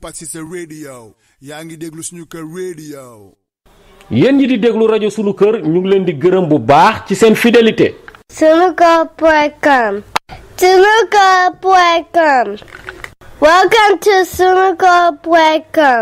Patsy sa di yaa ngi déglu suñu kër radio. yéen ñi di déglu rajo suñu kër ñu ngi leen di gërëm bu baax ci seen fidélité. sunuker.com. sunuker.com. Welcome to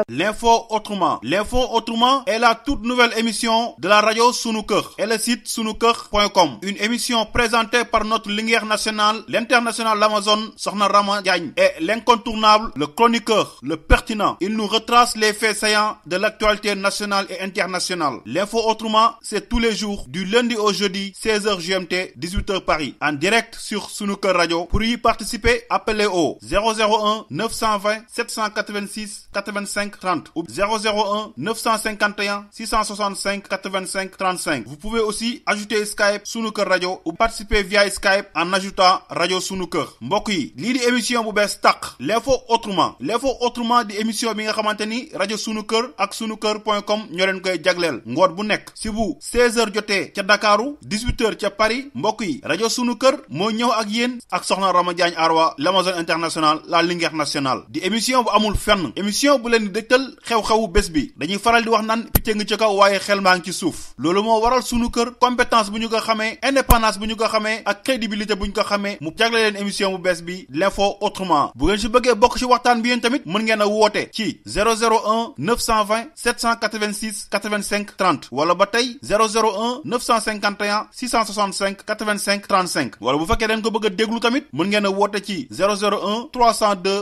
L'info autrement. L'info autrement est la toute nouvelle émission de la radio Sunukur et le site sunuker.com. Une émission présentée par notre lumière nationale, l'international l'Amazon, Sohna Rama et l'incontournable, le chroniqueur, le pertinent. Il nous retrace les faits saillants de l'actualité nationale et internationale. L'info autrement, c'est tous les jours, du lundi au jeudi, 16h GMT, 18h Paris, en direct sur Sunukur Radio. Pour y participer, appelez au 001 920 786 85 30 ou 001 951 665 85 35. Vous pouvez aussi ajouter Skype Sunuker Radio ou participer via Skype en ajoutant Radio Sunuker. Mboki yi di émission bu l'info autrement l'info autrement di émission bi nga Radio Sunuker ak sunuker.com ñoo leen koy si vous 16h jotee ca Dakaru 18h à Paris mbokk Radio Sunuker moo ñëw ak yéen Arwa l'Amazone international la linga international di émission bu amul fenn émission bu leen di dëkkal xew-xewu bés bi dañuy faral di wax naan picc ci kaw waaye xel maa ngi ci suuf loolu waral sunu kër compétence bu ñu ko xamee indépendance bu ñu ko xamee ak crédibilité bu ñu ko xamee mu jagle leen émission bu bees bi l'info autrement bu ngeen si bëggee bokk ci waxtaan bi yéen tamit mën ngeen a ci 001 920 786 85 30 wala ba tey 001 951 665 85 35 wala bu fekkee dañ ko bëgg a déglu tamit mën ngeen a woote ci 001 302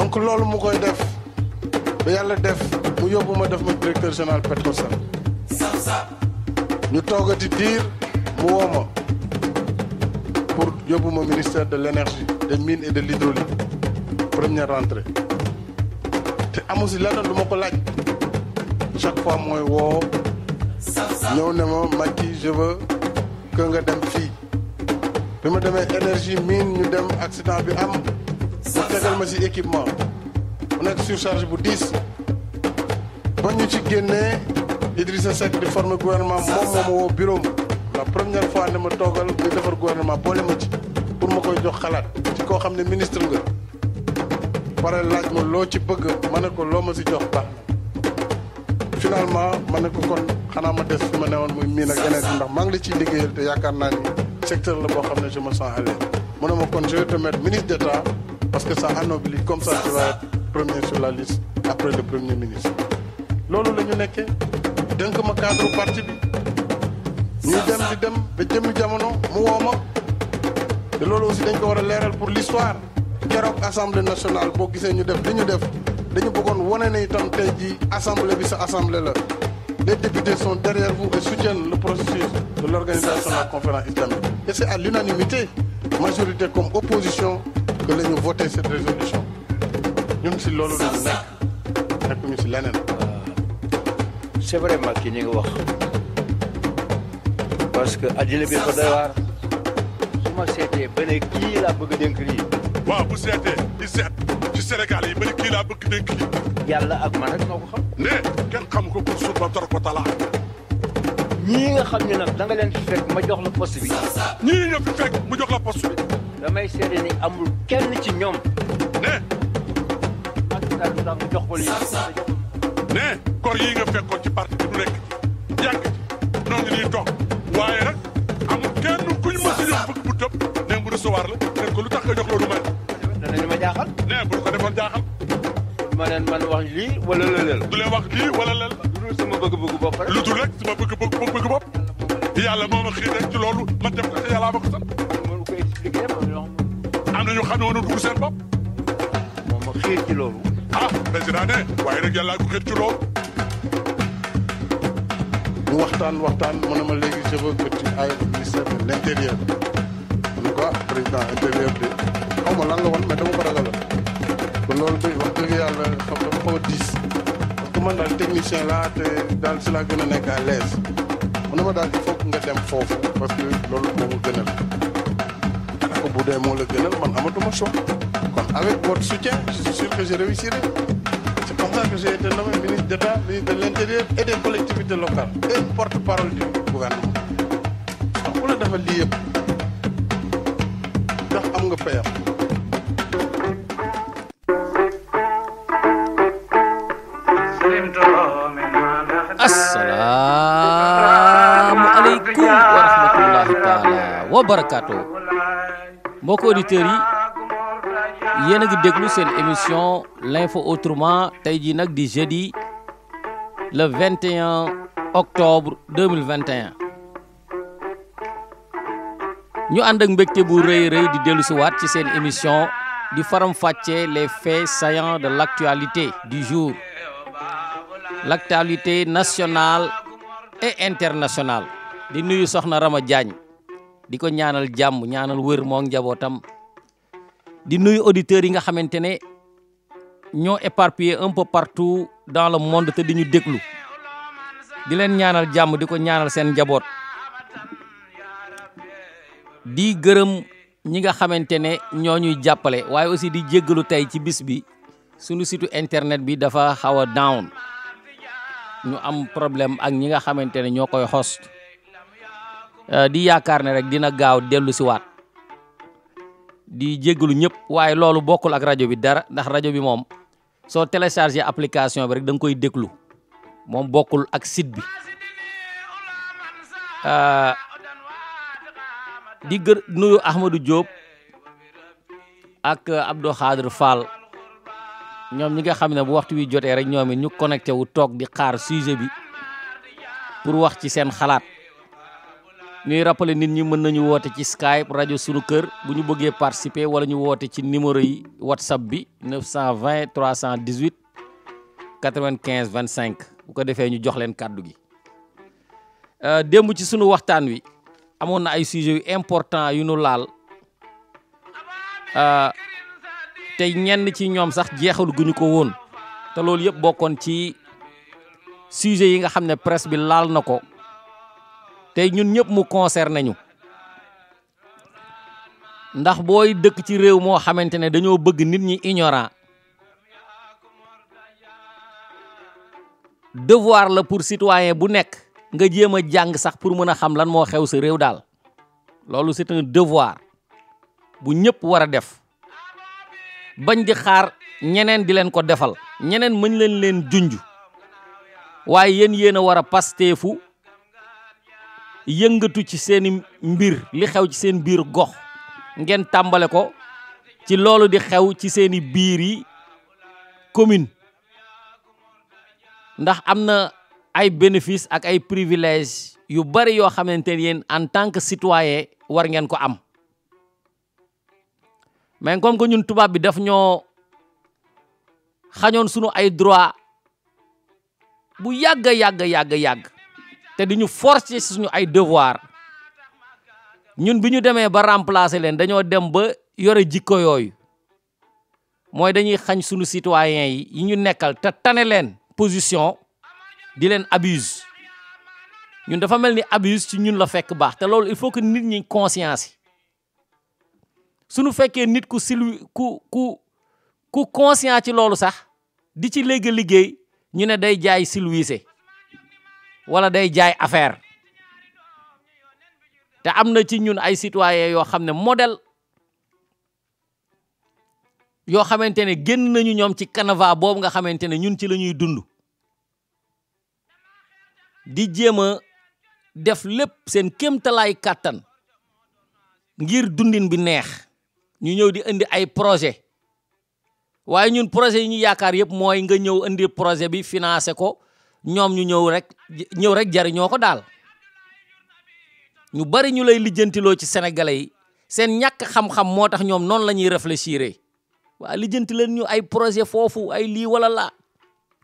donc loolu mu koy def ba yàlla def mu yóbbu ma def ma directeur général Petrosen ñu toogati diir mu woo ma pour yóbbu ma ministère de l' énergie des mines et de l'hydraulique première rentrée te amusi si lenn lu ma ko laaj chaque fois mooy woo ñëw ne ma Macky je veux que nga dem fii bi ma demee énergie mine ñu dem accident bi am tegal ma si équipement mu nekk surcharge bu diis ba ñu ci génnee Idrissa Seck di former gouvernement moom moo ma woo bureau la première fois ne ma toogal ñu defar gouvernement boole ma ci pour ma koy jox xalaat ci koo xam ne ministre nga pare laaj ma loo ci bëgg ma ne ko loo ma si jox baax finalement ma ne ko kon xanaa ma def fi ne newoon muy miin ak yeneen ndax maa la ciy liggéeyal te yaakaar naa ni secteur la boo xam ne je me sens ma kon je vais te parce que ça anoblit comme ça tu vas être premier sur la liste après le premier ministre Lolo le ñu nekkee dénk ma cadre parti bi ñu dem di dem ba jëmmi jamono mu woo Et te aussi dañ ko war a pour l'histoire keroog assemblée nationale boo gisee ñu def li def dañu bëggoon wane ne itam tey assemblée bi sa assemblée là. les députés sont derrière vous et soutiennent le processus de l'organisation de la conférence islamique et c'est à l'unanimité majorité comme opposition que la ñu voté cette résolution ñun si loolu la ñu nekk nekkuñu si leneen. c'est vraiment kii ñu ngi wax parce que àddina bi dafa doy waar su ma seetee ba ne kii laa bëgg a dénk lii. waaw bu seetee di seet ci Sénégal yi ba ne kii laa bëgg dénk lii. yàlla ak man rek noo ko xam. ne kenn xam ko pour suuf ba tor ko talaa. ñii nga xam ne nag da nga leen fi fekk ma jox la poste bi. ñii nga fi fekk mu jox la poste bi. damay seede ni amul kenn ci ñoom. ne. ak daal du tax nga jox ko lii. ne kor yi nga fekkoon ci parti bi du nekk yàgg ci ñoo ngi nii toog waaye nag amul kenn kuñ mën si ñëw bëgg bu tëb ne bu recevoir la ne ko lu tax nga jox loolu man. danañ ma jaaxal. ne bu ko defoon jaaxal. ma leen man wax lii wala lëleel. du leen wax lii wala lëleel. lu dul sama bëgg-bëggu bopp rek. lu dul rek sama bëgg bopp. yàlla moo ma xëy rek ci loolu ma def ko te yàlla ma nañu xamee woon pour seen bopp. moom ma xëy ci loolu. ah président ne waaye nag yàllaa ko xëy ci loolu. ñu waxtaan waxtaan mu ne ma léegi je veux que tu ailles au l' intérieur. en tout président intérieur bi xaw ma lan la woon mais dama ko ragal ba loolu de wax dëgg yàlla xam dama xaw diis. parce man daal technicien laa te daal si laa gën a nekk à l'aise a ne ma daal il faut nga dem foofu parce que loolu moomu gënal. dee moo la gënal man amatuma choix kon avec votre soutien je suis sûr que j'ai réussi. c'est pour ça que j'ai été nommé ministre d'État ministre de l'Intérieur et des collectivités locales et porte-parole du gouvernement On ku la defal lii yëpp ndax am nga payam wa rahmatullahi wa mbokk auditeurs yi yéen a ngi déglu seen émission l'info autrement tey jii nag di jeudi le 21 octobre 2021 ñu ànd ak mbégte bu rëy rëy di dellu si waat ci seen émission di faram les faits saillants de l'actualité du jour l'actualité nationale et internationale di nuyu soxna Rama di ko ñaanal jàmm ñaanal wër moo njabootam di nuyu auditeurs yi nga xamante ne ñoo éparpillé un peu partout dans le monde te di ñu déglu di leen ñaanal jàmm di ko ñaanal seen njaboot di gërëm ñi nga xamante ne ñoo ñuy jàppale waaye aussi di jéggalu tey ci bis bi suñu site internet bi dafa xaw a down ñu am problème ak ñi nga xamante ne ñoo koy host Euh, di yaakaar ne rek dina gaaw dellu siwaat di jéggalu ñëpp waaye loolu bokkul ak rajo bi dara ndax rajo bi moom soo téléchargé application bi rek da koy déglu moom bokkul ak site bi euh, di gër nuyu Ahmadou Diop ak Abdou Khadre Fall ñoom ñi nga xam ne bu waxtu wi jotee rek ñoom it ñu connecté wu toog di xaar sujet bi pour wax ci seen xalaat ñuy rappeler nit ñi mën nañu woote ci Skype rajo sunu kër bu ñu bëggee participer wala ñu woote ci numéro yi WhatsApp bi 920 318 95 25 bu ko defee ñu jox leen kàddu gi. Euh, démb ci sunu waxtaan wi amoon na ay sujets yu important yu nu laal euh, te ñenn ci ñoom sax jeexal guñu ko woon te loolu yëpp bokkoon ci sujets yi nga xam ne presse bi laal na ko. tey ñun ñëpp mu concerné ñu ndax boy dëkk ci réew moo xamante ne dañoo bëgg nit ñi ignorant devoir la pour citoyen bu nekk nga jéem a jàng sax pour mën a xam lan moo xew sa réew daal loolu c'est un devoir bu ñëpp war a def bañ di xaar ñeneen di leen ko defal ñeneen mañ leen leen junj waaye yéen yéen a war a pasteefu yëngatu ci seen mbir li xew ci seen biir gox ngeen tàmbale ko ci loolu di xew ci seen biir yi commune ndax am na ay bénéfice ak ay privilège yu bari yoo xamante ni yéen en tant que citoyen war ngeen ko am mais comme que ñun tubaab bi daf ñoo xañoon suñu ay droit bu yàgg yàgg yàgg yàgg te du ñu forcer suñu ay devoir ñun bi ñu demee ba remplacer leen dañoo dem ba yore jikko yooyu mooy dañuy xañ suñu citoyen yi yi ñu nekkal te tane leen position di leen abuse ñun dafa mel ni abuse ci ñun la fekk baax te loolu il faut que nit ñi conscience yi suñu fekkee nit ku silu ku ku ku conscient ci loolu sax di ci léegi liggéey ñu ne day jaay silwiise wala day jaay affaire te am na ci ñun ay citoyen yoo xam ne modèle yoo xamante ne génn nañu ñoom ci canevas boobu nga xamante ne ñun ci la ñuy dund di jéem a def lépp seen kéemtalaay kàttan ngir dundin bi neex ñu ñëw di indi ay projet waaye ñun projet yi ñu yaakaar yëpp mooy nga ñëw indi projet bi financé ko ñoom ñu ñëw rek ñëw rek jariñoo ko daal ñu bari ñu lay lijjantiloo ci sénégalais yi seen ñàkk xam-xam moo tax ñoom noonu la ñuy réfléchir waa lijjanti leen ñu ay projet foofu ay lii wala la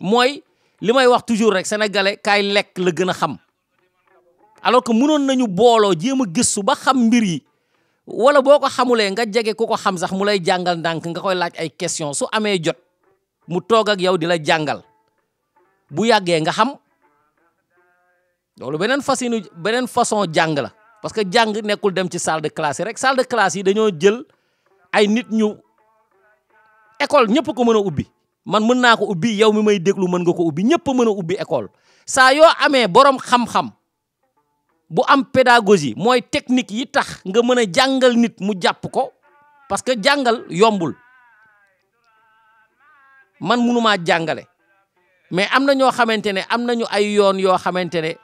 mooy li may wax toujours rek sénégalais kaay lekk la gën a xam alors que mënoon nañu booloo jéem a gëstu ba xam mbir yi wala boo ko xamulee nga jege ko ko xam sax mu lay jàngal ndànk nga koy laaj ay question su amee jot mu toog ak yow di la jàngal bu yàggee nga xam loolu beneen fasinu beneen façon jàng parce que jàng nekkul dem ci salle de classe rek salle de classe yi dañoo jël ay nit ñu école ñëpp ko mën a ubbi man mën naa ko ubbi yow mi may déglu mën nga ko ubbi ñëpp mën a ubbi école saa yoo amee borom xam-xam bu am pédagogie mooy technique yi tax nga mën a jàngal nit mu jàpp ko parce que jàngal yombul man mënumaa jàngale mais am na ñoo xamante ne am nañu ay yoon yoo xamante ne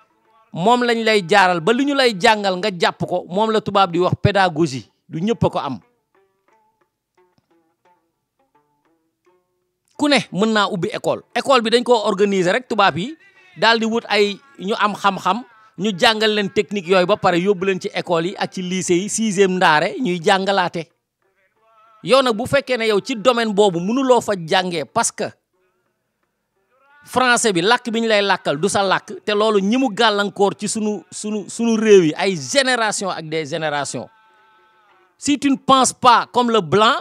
moom lañ lay jaaral ba li ñu lay jàngal nga jàpp ko moom la tubaab di wax pédagogie du ñëpp a ko am ku ne mën naa ubbi école école bi dañ ko organiser rek tubaab yi daal di wut ay ñu am xam-xam ñu jàngal leen technique yooyu ba pare yóbbu leen ci école yi ak ci lycée yi sixième ndaare ñuy jàngalaate yow nag bu fekkee ne yow ci domaine boobu mënuloo fa jàngee parce que français bi lakk bi ñu lay lakkal du sa lakk te loolu ñi mu gàllankoor ci sunu sunu sunu réew yi ay génération ak des générations si tu ne penses pas comme le blanc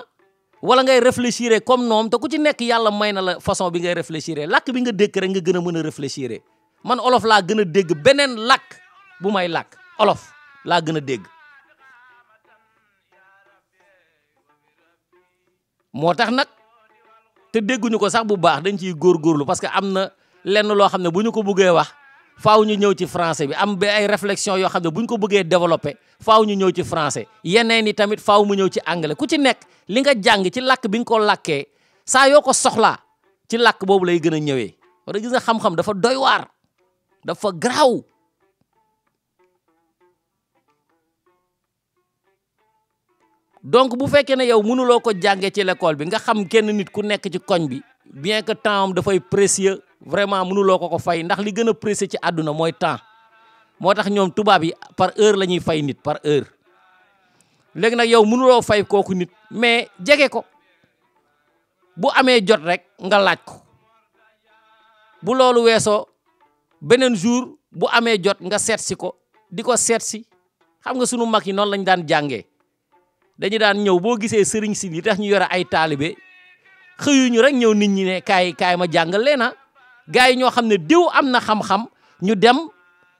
wala ngay réfléchir comme noom te ku ci nekk yàlla may na la façon bi ngay réfléchir lakk bi nga dégg rek nga gën a mën a réfléchir man olof laa gën a dégg beneen lakk bu may lakk olof laa gën a dégg moo tax nag te dégguñu ko sax bu baax dañ ciy góorlu parce que am na lenn loo xam ne bu ñu ko buggee wax faaw ñu ñëw ci français bi am ba ay réflexion yoo xam ne bu ñu ko bëggee développé faaw ñu ñëw ci français yeneen yi tamit faaw mu ñëw ci anglais ku ci nekk li nga jàng ci lakk bi nga ko lakkee saa yoo ko soxlaa ci lakk boobu lay gën a ñëwee wala gis nga xam-xam dafa doy waar dafa garaaw donc bu fekkee ne yow mënuloo ko jàngee ci l'école bi nga xam kenn nit ku nekk ci koñ bi bien que temps am dafay précieux vraiment mënuloo ko ko fay ndax li gën a précieux ci àdduna mooy temps moo tax ñoom tubaab yi par heure la ñuy fay nit par heure léegi nag yow mënuloo fay kooku nit mais jege ko bu amee jot rek nga laaj ko bu loolu weesoo beneen jour bu amee jot nga seet si ko di ko seet si xam nga sunu mag yi noonu lañ daan jàngee dañu daan ñëw boo gisee sëriñ si li tax ñu yore ay taalibe xëyuñu rek ñëw nit ñi ne kaay kaay ma jàngale na gars yi ñoo xam ne diw am na xam-xam ñu dem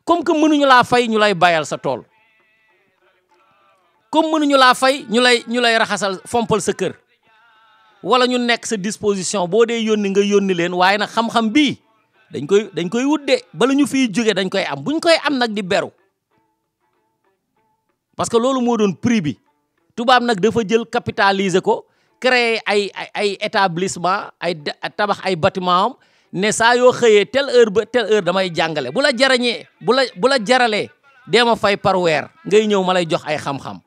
comme que mënuñu laa fay ñu lay bayal sa tool comme mënuñu laa fay ñu lay ñu lay raxasal fompal sa kër wala ñu nekk sa disposition boo dee yónni nga yónni leen waaye nag xam-xam bii dañ koy dañ koy wudde bala ñu fiy jóge dañ koy am buñ koy am nag di beru parce que loolu moo doon prix bi tubaab nag dafa jël capitaliser ko créer ay ay ay établissement ay tabax ay bâtiment am ne saa yoo xëyee telle heure ba telle heure damay jàngale bu la jarañee bu la bu la jaralee dee ma fay par weer ngay ñëw ma lay jox ay xam-xam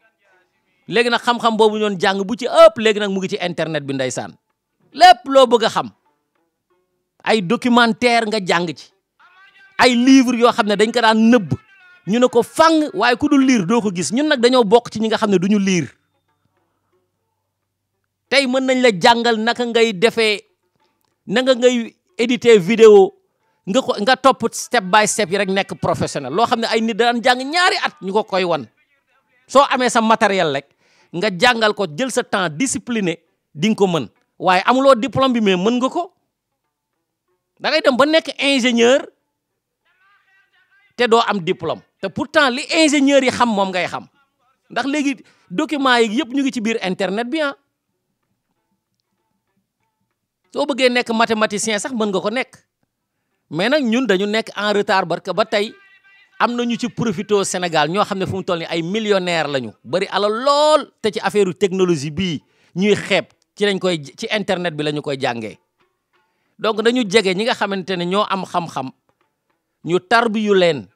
léegi nag xam-xam boobu ñoon jàng bu ci ëpp léegi nag mu ngi ci internet bi ndeysaan lépp loo bëgg a xam ay documentaire nga jàng ci ay livre yoo xam ne dañ ko daan nëbb ñu ne ko fang waaye ku dul liir doo ko gis ñun nag dañoo bokk ci ñi nga xam ne du liir tey mën nañ la jàngal naka ngay defee naka ngay éditer vidéo nga ko nga topp step by step yi rek nekk professionnel loo xam ne ay nit daan jàng ñaari at ñu ko koy wan soo amee sa matériel rek nga jàngal ko jël sa temps discipliné di nga ko mën waaye amuloo diplôme bi mais mën nga ko da ngay dem ba nekk ingénieur te doo am diplôme te pourtant li ingénieur yi xam moom ngay xam ndax léegi documents yi yëpp ñu ngi ci biir internet bi ah soo bëggee nekk mathématicien sax mën nga ko nekk mais nag ñun dañu nekk en retard parce que ba tey am na ñu ci profito Sénégal ñoo xam ne fu toll ni ay millionnaire lañu bari alal lool te ci affaire technologie bii ñuy xeep ci lañ koy ci internet bi la ñu koy jàngee donc dañu jege ñi nga xamante ne ñoo am xam-xam ñu tarbiyu leen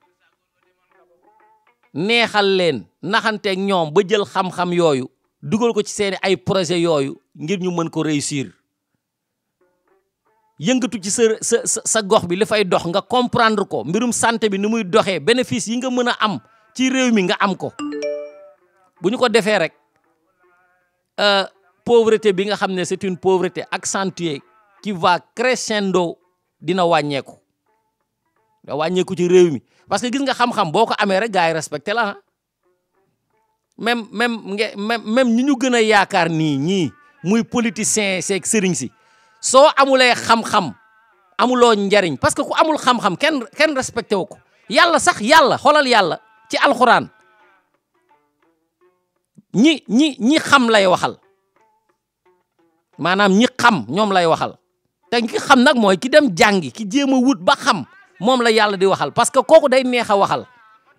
neexal leen naxanteeg ñoom ba jël xam-xam yooyu dugal ko ci seeni ay projet yooyu ngir ñu mën ko réussir yëngatu ci sa sa sa gox bi li fay dox nga comprendre ko mbirum santé bi ni muy doxee bénéfice yi nga mën a am ci réew mi nga am ko bu ñu ko defee rek euh, pauvreté bi nga xam ne c'est une pauvreté accentuée qui va crescendo dina wàññeeku da wàññeeku ci réew mi parce que gis nga xam-xam boo ko amee rek gars yi respecté la même même même même ñi ñu gën a yaakaar nii ñii muy politicien seeg sëriñ si soo amulee xam amuloo njariñ parce que ku amul xam-xam kenn kenn respecté wu ko yàlla sax yàlla xoolal yàlla ci alxuraan ñi ñi ñi xam lay waxal maanaam ñi xam ñoom lay waxal te ki xam nag mooy ki dem jàngi ki jéem a wut ba xam moom la yàlla di waxal parce que kooku day neex a waxal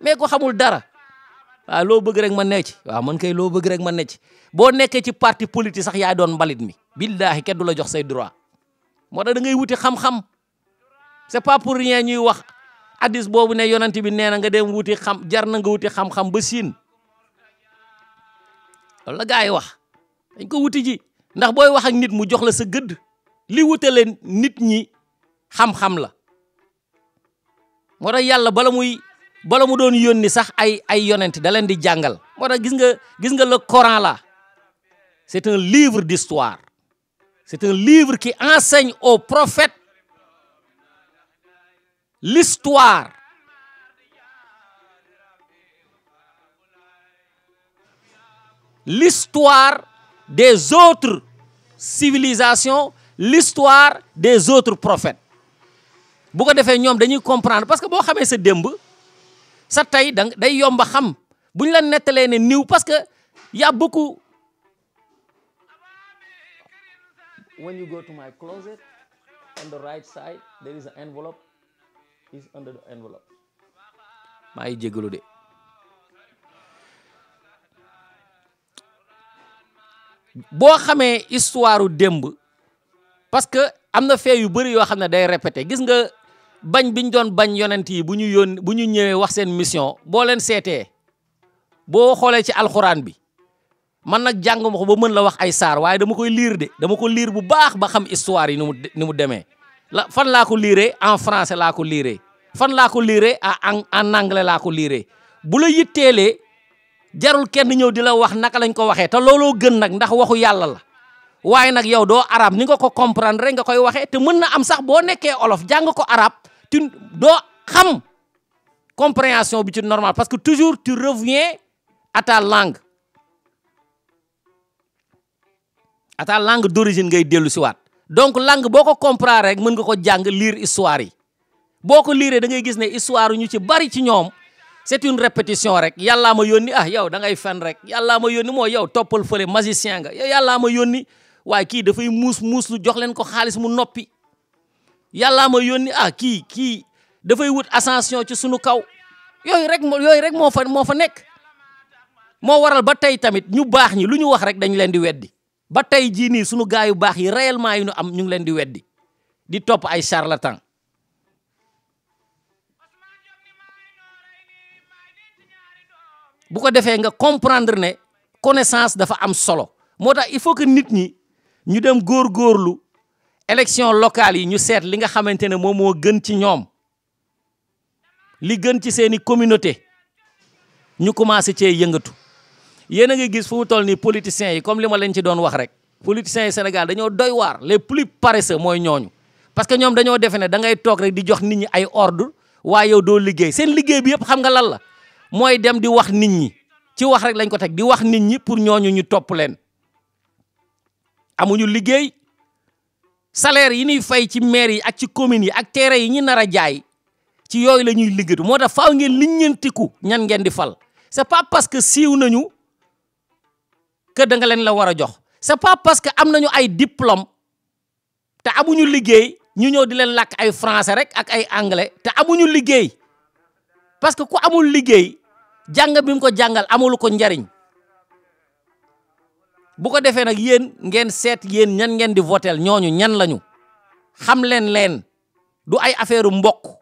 mais ko xamul dara waaw loo bëgg rek ma ne ci waaw man kay loo bëgg rek ma ne ci boo nekkee ci parti politique sax yaay doon mbalit mi billaahi kenn du la jox say droit moo tax da ngay wuti xam-xam c'est pas pour rien ñuy wax hadis boobu ne yonent bi nee na nga dem wuti xam jar na nga wuti xam ba siin loolu la gars wax dañ ko wuti ji ndax booy wax nit mu jox la sa gëdd li wutale nit ñi xam-xam la moo tax yàlla bala muy bala mu doon yónni sax ay ay yonent da leen di jàngal moo tax gis nga gis nga la Coran là c'est un livre di d'histoire C'est un livre qui enseigne aux prophètes l'histoire. L'histoire des autres civilisations, l'histoire des autres prophètes. bu ko nous ñoom comprendre parce que boo xamee sa ça sa vous da day yomba xam la ne niw parce que y a beaucoup when you go to my closet on the right side there is an envelope is under the envelope maa ngi de boo xamee histoire u démb parce que am na fee yu bari yoo xam ne day répété gis nga bañ biñ doon bañ yonent yi bu ñu yóon bu ñu ñëwee wax seen mission boo leen seetee boo xoolee ci alxuraan bi man nag jàng ko ba mën la wax ay saar waaye dama koy liir de dama ko liir bu baax ba xam histoire yi ni mu ni mu demee la fan laa ko liire en français laa ko liiree fan laa ko liiree en en anglais laa ko liiree bu la yitteelee jarul kenn ñëw di la wax naka lañ ko waxee te looloo gën nag ndax waxu yàlla la waaye nag yow doo arab ni nga ko comprendre rek nga koy waxee te mën na am sax boo nekkee olof jàng ko arab tu doo xam compréhension bi ci normal parce que toujours tu reviens à ta langue ata ta langue d'origine ngay ci wat, donc langue boko comprendre rek meun nga ko jang lire histoire boko lire da ngay gis ne histoire ñu ci bari ci ñom c'est une répétition rek yalla ma yoni ah yow da ngay fan rek yoni ma yoni mo yow topal fële magicien nga yow yàllaa ma way ki da fay mous mous lu jox len ko khalis mu noppi yalla ma yoni ah ki da fay wut ascension ci sunu kaw yoy rek yoy rek mo fa mo fa nek mo waral ba tay tamit ñu bax ñi lu ñu wax rek dañ leen di weddi ba tay ji ni sunu gaay yu bax yi réellement yu nu am ñu ngi leen di weddi di top ay charlatan bu ko defee nga comprendre ne connaissance dafa am solo moo tax il faut que nit ñi ñu dem góorgóorlu élection locale yi ñu seet li nga xamante ne moom moo gën ci ñoom li gën ci seeni communauté ñu commencé cee yëngatu yéen a ngi gis fu mu toll nii politiciens yi comme li ma leen ci doon wax rek politiciens yi Sénégal dañoo doy waar les plus paresseux mooy ñooñu parce que ñoom dañoo defe ne da ngay toog rek di jox nit ñi ay ordre waaye yow doo liggéey seen liggéey bi yëpp xam nga lan la mooy dem di wax nit ñi ci wax rek lañ ko teg di wax nit ñi pour ñooñu ñu topp leen amuñu liggéey salaire yi ñuy fay ci maire yi ak ci commune yi ak terrain yi ñi nar a jaay ci yooyu la ñuy liggéey moo tax faaw ngeen liññantiku ñan ngeen di fal c'est pas parce que siiw nañu que nga leen la war a jox c'est pas parce que am nañu ay diplôme te amuñu liggéey ñu ñëw di leen làkk ay français rek ak ay anglais te amuñu liggéey parce que ku amul liggéey jàng bi ko jàngal amulu ko njariñ bu ko defee nag yéen ngeen seet yéen ñan ngeen di voteel ñooñu ñan lañu xam leen leen du ay affaire mbokk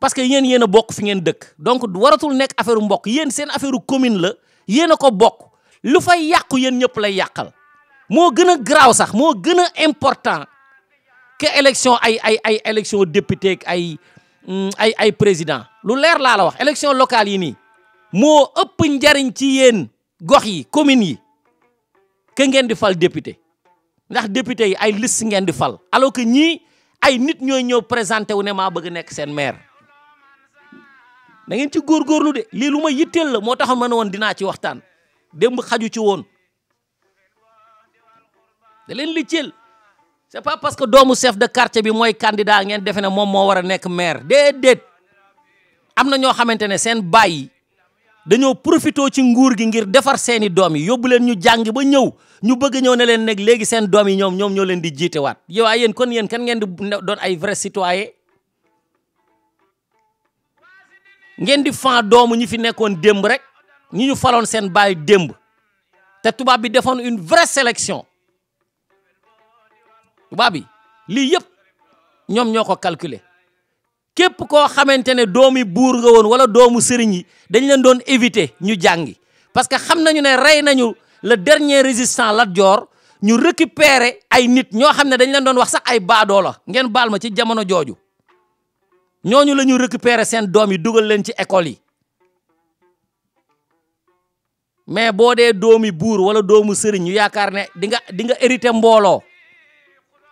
parce que yéen yéen a bokk fi ngeen dëkk donc waratul nekk affaire mbokk yéen seen affaire commune la yéen a ko bokk lu fay yàqu yéen ñëpp lay yàqal moo gën a garaaw sax moo gën a important que élection ay ay ay élection député ay mm, ay ay président lu leer laa la wax élection locale yi nii moo ëpp njariñ ci yéen gox yi communes yi que ngeen di fal député ndax député yi ay liste ngeen di fal alors que ñii ay nit ñooy ñëw présenté wu ne maa bëgg nekk seen maire da ngeen ci góorgóorlu de lii lu ma yitteel la moo tax ma ne woon dinaa ci waxtaan démb xaju ci woon da leen licceel c'est pas parce que doomu chef de quartier bi mooy candidat ngeen defe ne moom moo war a nekk maire déedéet am na ñoo xamante ne seen baay yi dañoo profité ci nguur gi ngir defar seeni doom yi yóbbu leen ñu jàng ba ñëw ñu bëgg ñëw ne leen nag léegi seen doom yi ñoom ñoom ñoo leen di jiitewaat yow ay yéen kon yéen kan ngeen di don ay vrai citoyen ngeen di fan doomu ñi fi nekkoon démb rek ñi ñu faloon seen baay démb te tubaab bi defoon une vraie sélection tubaab bi lii yëpp ñoom ñoo ko calculer képp koo xamante ne doomi buur nga woon wala doomu sëriñ yi dañ leen doon éviter ñu jàngi parce que xam nañu ne rey nañu le dernier résistant Lat Joor ñu récupérer ay nit ñoo xam ne dañ leen doon wax sax ay baadoo la ngeen baal ma ci jamono jooju ñooñu la ñu récupérer seen doom yi dugal leen ci école yi mais boo dee doomi buur wala doomu sëriñ ñu yaakaar ne di nga di nga hérité mbooloo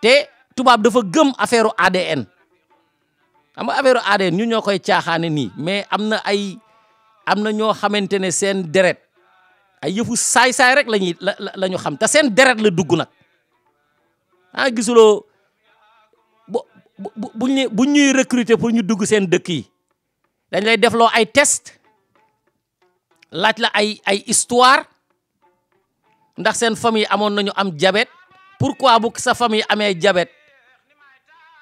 te tubaab dafa gëm affaire ADN ama nga affaire ADN ñu ñoo koy caaxaane nii mais am na ay am na ñoo xamante ne seen deret ay yëfu saay-saay rek lañu la la xam te seen deret la dugg nag ah gisuloo bu bu bu ñuy recruter pour ñu dugg seen dëkk yi dañ lay defloo ay test laaj la ay ay histoire ndax seen famille amoon nañu am jabet pourquoi bu sa famille amee jabet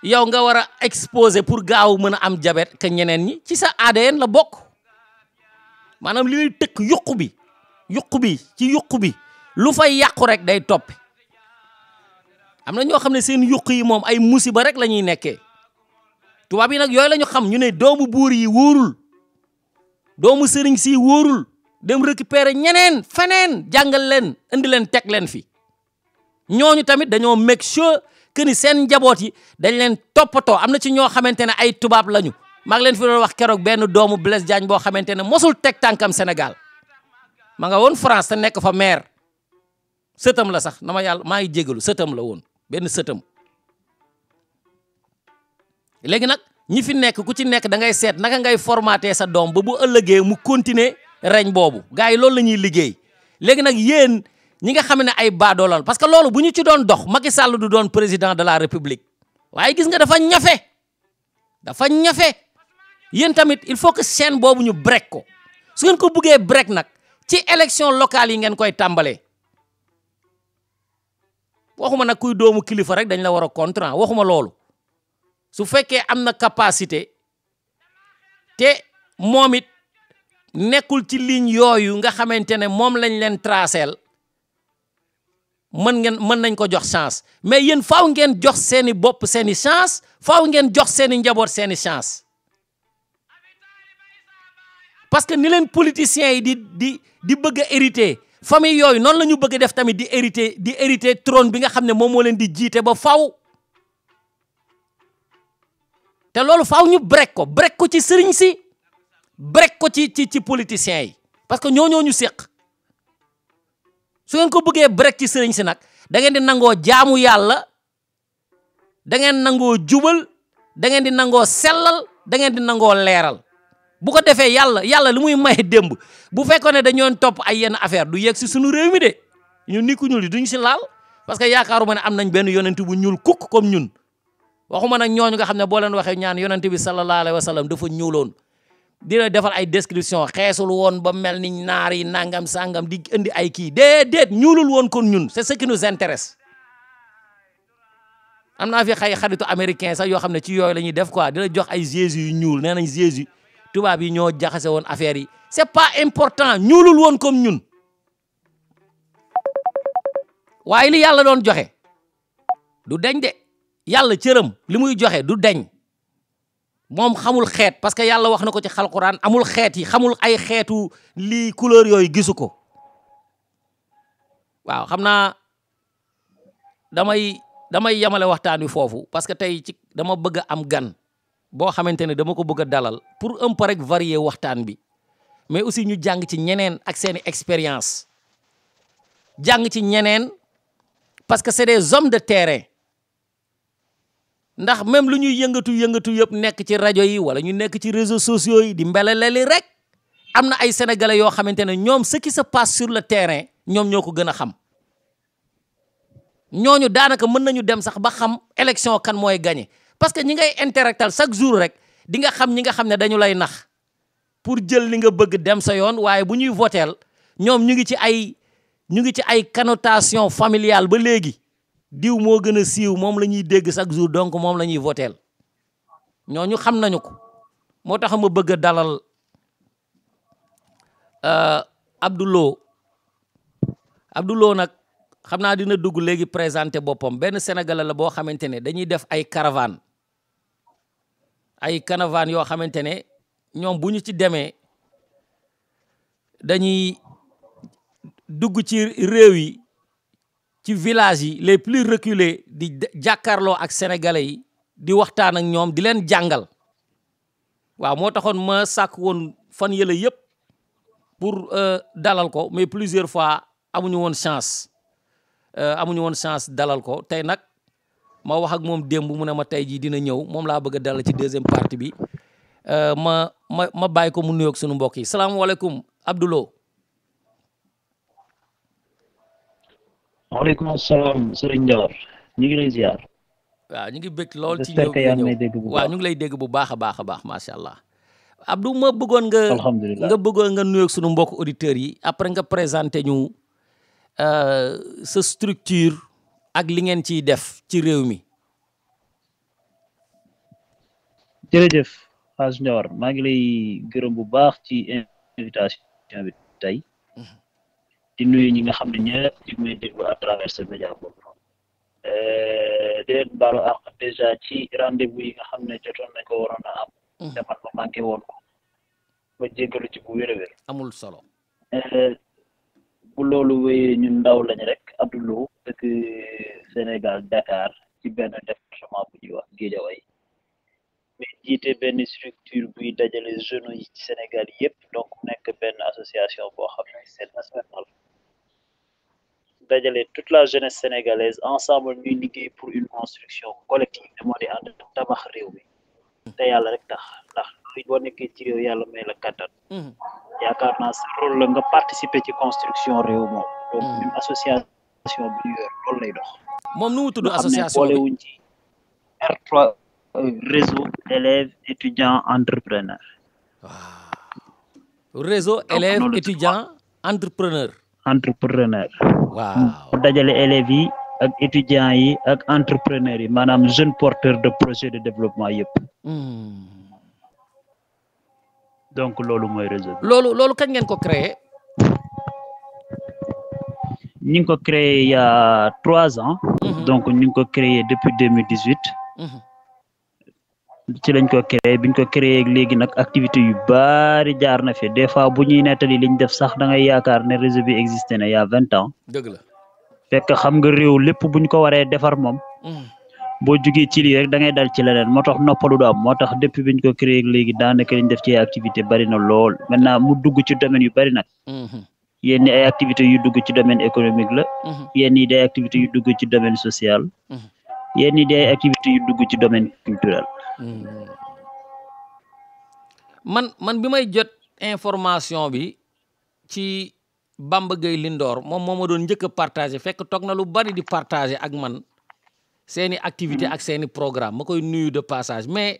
yow nga war a exposer pour gaaw mën a am jabet que ñeneen ñi ci sa ADN la bokk maanaam li tëkk yuq bi yuq bi ci yuq bi lu fay yàqu rek day toppi am na ñoo xam ne seen yuq yi moom ay musiba rek la ñuy nekkee tubaab yi nag yooyu la xam ñu ne doomu buur yi wóorul doomu sëriñ si wóorul dem récupérer ñeneen feneen jàngal leen indi leen teg leen fi ñooñu tamit dañoo make sure que ni seen njaboot yi dañ leen toppatoo am na ci ñoo xamante ne ay tubaab lañu maa ngi leen fi doon wax keroog benn doomu Blaise jaañ boo xamante ne mosul teg tànkam Sénégal ma nga woon France te nekk fa maire sëtam la sax na ma maa ngi jégalu sëtam la woon benn sëtam léegi nag ñi fi nekk ku ci nekk dangay seet naka ngay formaté sa doom ba bu ëllëgee mu continuer reñ boobu gars yi loolu la ñuy liggéey léegi nag yéen ñi nga xam ne ay baadoolal parce que loolu bu ñu ci doon dox Macky Sall du doon président de la république waaye gis nga dafa ñafe dafa ñafe yéen tamit il faut que seen boobu ñu break ko su ngeen ko buggee break nag ci élection locale yi ngeen koy tàmbalee waxuma nag kuy doomu kilifa rek dañ la war a contrat waxuma loolu su fekkee am na capacité te moom it nekul ci ligne yoyu nga xamantene mom lañ leen tracel man ngeen man nañ ko jox chance mais yeen faaw ngeen jox seeni bop seeni chance faaw ngeen jox seeni njabot seeni chance parce que ni leen politiciens yi di di di bëgg erite, hériter famille yoyu non lañu bëgg def tamit di hériter di hériter trône bi nga xamne ne mo leen di jité ba faaw té loolu faaw ñu brek ko brek ko ci sëriñ si break ko ci ci ci politiciens yi parce que ñoo ñoo ñu séq su ngeen ko bëggee break ci sëriñ si nag da ngeen di nangoo jaamu yàlla da ngeen nangoo jubal da ngeen di nangoo sellal da ngeen di nangoo leeral bu ko defee yàlla yàlla li muy maye démb bu fekkoon ne dañoon topp ay yenn affaire du yegg si sunu réew mi de ñu nit ñul duñ si laal parce que yaakaaruma ne am nañ benn yonent bu ñul kuk comme ñun waxuma nag ñooñu nga xam ne boo leen waxee ñaan yonent bi sallallahu alayhi wa sallam dafa ñuuloon di la defal ay description xeesul woon ba mel niñ naar yi nangam sangam di indi ay kii déedéet ñuulul woon kon ñun c'est ce qui nous intéresse am naa fi xay xaritu américain sax yoo xam ne ci yooyu la def koi di la jox ay Jésus yu ñuul nee nañ Jésus tubaab yi ñoo jaxase woon affaire yi c'est pas important ñuulul woon comme ñun waaye li yàlla doon joxe du deñ de yàlla cëram li muy joxe du deñ moom xamul xeet parce que yàlla wax na ko ci xalquran amul xeet yi xamul ay xeetu lii couleur yooyu gisu ko waaw xam naa damay damay yamale waxtaan wi foofu parce que tey ci dama bëgg a am gan boo xamante ne dama ko bëgg a dalal pour un peu varier waxtaan bi mais aussi ñu jàng ci ñeneen ak seeni expérience jàng ci ñeneen parce que c'est des hommes de terrain ndax même lu ñuy yëngatu yëngatu yëpp nekk ci rajo yi wala ñu nekk ci réseaux sociaux yi di mbeleleli rek am na ay sénégalais yoo xamante ne ñoom ce qui se passe sur le terrain ñoom ñoo ko gën a xam ñooñu daanaka mën nañu dem sax ba xam élection kan mooy gagné parce que ñi ngay interactal chaque jour rek di nga xam ñi nga xam ne dañu lay nax pour jël li nga bëgg dem sa yoon waaye bu ñuy voteel ñoom ñu ngi ci ay ñu ngi ci ay connotation familiale ba léegi diw moo gën a siiw moom la ñuy dégg chaque jour donc moom la ñuy voteel ñooñu xam nañu ko moo tax ma bëgg a dalal Abdoulou euh, Abdoulou nag xam naa dina dugg léegi présenté boppam benn sénégalal boo xamante ne dañuy def ay caravane ay caravane yoo xamante ne ñoom bu ñu ci demee dañuy dugg ci réew yi ci village yi les plus reculés di jàkkaarloo ak sénégalais yi di waxtaan ak ñoom di leen jàngal waaw moo taxoon ma sàkk woon fan yële yëpp pour euh, dalal ko mais plusieurs fois amuñu woon chance euh, amuñu woon chance dalal ko tey nag ma wax ak moom démb mu ne ma tey jii dina ñëw moom laa bëgg a dalal ci deuxième partie bi euh, ma ma ma bàyyi ko mu nuyoog sunu mbokk yi salaamaaleykum Abdou Assalamualaikum, salaam sëriñ ñu ngi lay ziar. waaw ñu ngi bëgg lool ci waaw ñu ngi lay dégg bu baax a baax a baax macha allah. Abdou ma bëggoon nga nga bëggoon nga nuyoog mbokk auditeurs yi après nga présenté ñu euh, sa structure ak li ngeen ciy def ci réew mi. jërëjëf invitation bi tey. di nuyu ñi nga xam ne ñëpp ñu ngi may déglu à travers ce média boobu euh, di leen baalu àq déjà ci rendez yi nga xam ne jotoon nañ ko waroon a am. Mhm. te man ma manqué woon ko. ma ci bu wér a amul solo. Euh, bu loolu wéyee ñun ndaw lañ rek Abdoulou dëkk Sénégal Dakar ci benn département bu ñuy mais jiite benn structure bu dajale jeunes yi ci Sénégal yëpp donc nekk benn association boo xam ne c'est national. dajale toute la jeunesse sénégalaise ensemble ñuy liggéey pour une construction collective de modi di ànd tabax réew mi te yàlla rek tax ndax li boo nekkee ci réew yàlla may la kàttan hmm. yaakaar naa sa rôle la nga participer ci construction réew moom donc une hmm. association bi ñu loolu lay dox moom nu tudd association bi ci R3 euh, réseau élèves étudiants entrepreneurs waaw réseau élèves étudiants entrepreneurs entrepreneur. Wow. dajale élèves yi ak étudiants yi ak entrepreneurs yi jeune porteur de projet de développement hmm. donc lolu moy réseau lolu lolu loolu ngeen ko créé. Nous créé il y a trois ans. Mm-hmm. donc nous avons ko créé depuis 2018. ci lañ ko créé biñ ko créé léegi nag activité yu bari jaar na fi des fois bu ñuy nettali liñ def sax da ngay yaakaar ne réseau bi existé na y'a vingt ans. dëgg fekk xam nga réew lépp buñ ko waree defar moom. Mm. boo jugee ci lii rek da ngay daal ci leneen moo tax noppalu du moo tax depuis biñ ko créé léegi daanaka liñ def ci activité bari na lool maintenant mu dugg ci domaine yu bari nag. Mm-hmm. yenn ay activité yu dugg ci domaine économique la. Mm-hmm. yenn yi day activité yu dugg ci domaine social. Mm-hmm. yenn yi de activité yu dugg ci domaine culturel. Hmm. man man bi may jot information bi ci Bamba gay Lindor mom moo ma ñëk partager fekk tok na lu bari di partager ak man seeni activité ak seeni programme makoy nuyu de passage mais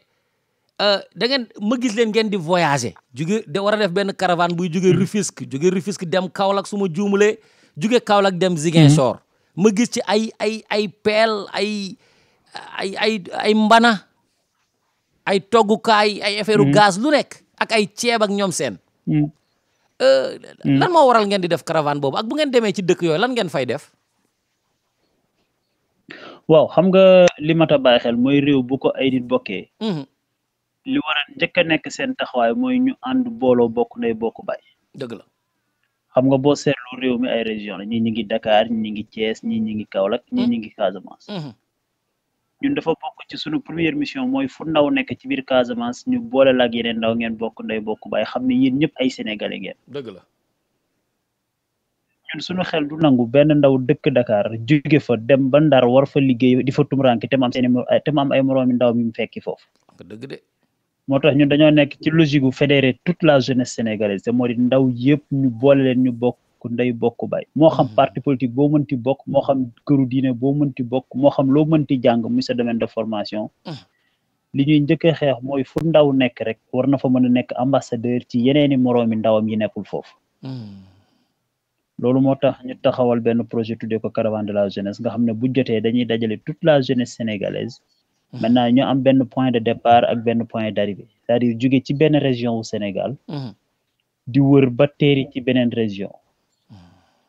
euh, da ngeen ma gis leen ngeen di voyager jóge de wara def ben caravane buy jóge Rufisque jóge Rufisque dem kaolak suma joomulé juumulee kaolak dem dem sor hmm. ma gis ci ay ay ay pel ay ay ay ay mbana ay kay ay affaire gaz lu nek ak ay tieb ak ñoom seen lan mo waral ngeen di def caravane bobu ak bu ngeen demee ci dëkk yoy lan ngeen fay def waaw xam nga li mata a bàyyi xel mooy réew bu ko ay nit bokkee mm-hmm. li wara a nek sen taxaway moy ñu and bolo bok bok bay deug la xam nga rew mi ay région ñi ñi ngi Dakar ñi ngi Thiès ñi ñi ngi Kaolack ñi mm. ñi ngi Casamance mm-hmm. ñun dafa bokk ci suñu première mission mooy fu ndaw nekk ci biir Casamance ñu boole la ak yeneen ndaw ngeen bokk ndey bokk baay xam ne yéen ñëpp ay sénégalais ngeen. la. ñun suñu xel du nangu benn ndaw dëkk Dakar jóge fa dem ba Ndar war fa liggéey di fa tumuraanke te mu am seen te mu am ay moroomi ndaw mi fekki foofu. dëgg moo tax ñu dañoo nekk ci logique bu fédérer toute la jeunesse sénégalaise te moo di ndaw yëpp ñu boole leen ñu bokk ndey bokk baay moo xam mhm. parti politique boo mënti bokk moo xam këru diine boo mënti bokk moo xam loo mënti jàng muy sa domaine de formation mhm. li ñuy njëkkee xeex mooy fu ndaw nekk rek war na fa mën a nekk ambassadeur ci yeneeni moroomi ndawam yi nekkul foofu mhm. loolu moo tax ñu taxawal benn projet tuddee ko caravane de la jeunesse nga xam ne bu jotee dañuy dajale toute la jeunesse sénégalaise maintenant ñu am benn point de départ ak benn point d'arrivée c'est-à-dire jóge ci benn région wu Sénégal di wër ba teeri ci beneen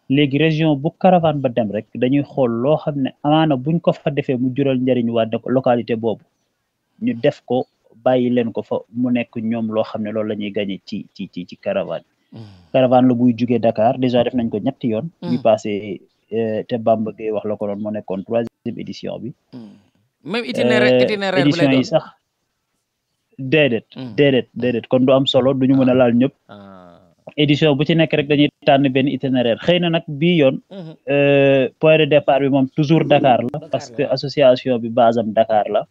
léegi région bo caravane ba dem rek dañuy xool loo xam ne amaana buñ ko fa defee mu jural njëriñ waa localité boobu ñu def ko bàyyi leen ko fa mu nekk ñoom loo xam ne loolu la ñuy gagné ci ci ci ci caravane. Mm. caravane la buy jugee Dakar déjà def nañ ko ñetti yoon. Mm. bi passé euh, te Bamba Gueye wax la ko noonu moo nekkoon troisième édition bi. Mm. même itinéraire euh, itinéraire bi yi sax déedéet. déedéet déedéet kon du am solo duñu mën a ah. laal ñëpp. Ah. édition bu ci nekk rek dañuy tànn benn itinéraire xëy na nag bii yoon mhm. euh, point de départ bi moom toujours mhm. Dakar la parce que association bi base am Dakar la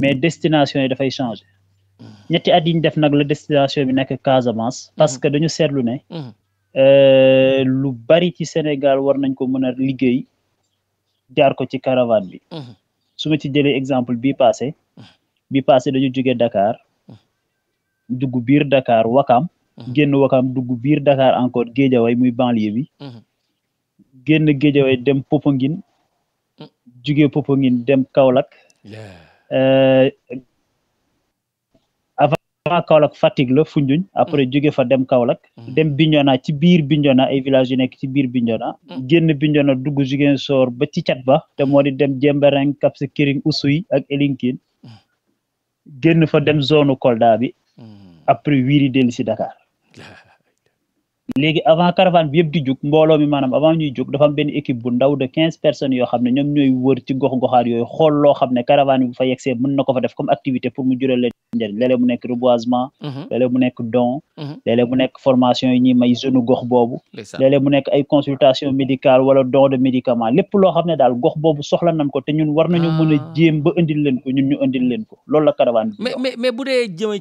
mais destination yi dafay changer mhm. ñetti at yi def nag la destination bi nekk Casamance parce que dañu seetlu ne euh, lu bari ci Sénégal war nañ ko mën a liggéey jaar ko ci caravane bi su ma ci jëlee exemple bi passé bii passé dañu jóge Dakar dugg biir Dakar Wakam Mhm. génn Wakaam dugg biir Dakar encore Géejawaay muy banlieue bi mhm. génn Géejawaay dem Popenguine mhm. jugee Popenguine dem Kaolack euh, avant Kaolack Fatick la Foundiougne après jóge fa dem Kaolack dem Bignona ci biir Bignona ay village yu nekk ci biir Bignona génn Bignona dugg Ziguinchor ba ci cat ba te moo di dem Diembéring Cap Skirring Oussouye ak Elinkine génn fa dem zone Kolda après wiiri dellu si Dakar لا léegi avant caravane bi yëpp di jug mbooloo mi maanaam avant ñuy jug dafa am benn équipe bu ndaw de quinze personnes yoo xam ne ñoom ñooy wër ci gox-goxaar yooyu xool loo xam ne caravane bi bu fa yegsee mën na ko fa def comme activité pour mu jural leen nekk reboisement mhm. léeg mu nekk don mhm. léeg mu nekk formation yi ñuy may zone gox boobu léeg mu nekk ay consultation médicale wala don de médicament lépp loo xam ne daal gox boobu soxla nañ ko te ñun war nañu mën a ah. jéem ba la caravane bi mais mais bu dee jëmee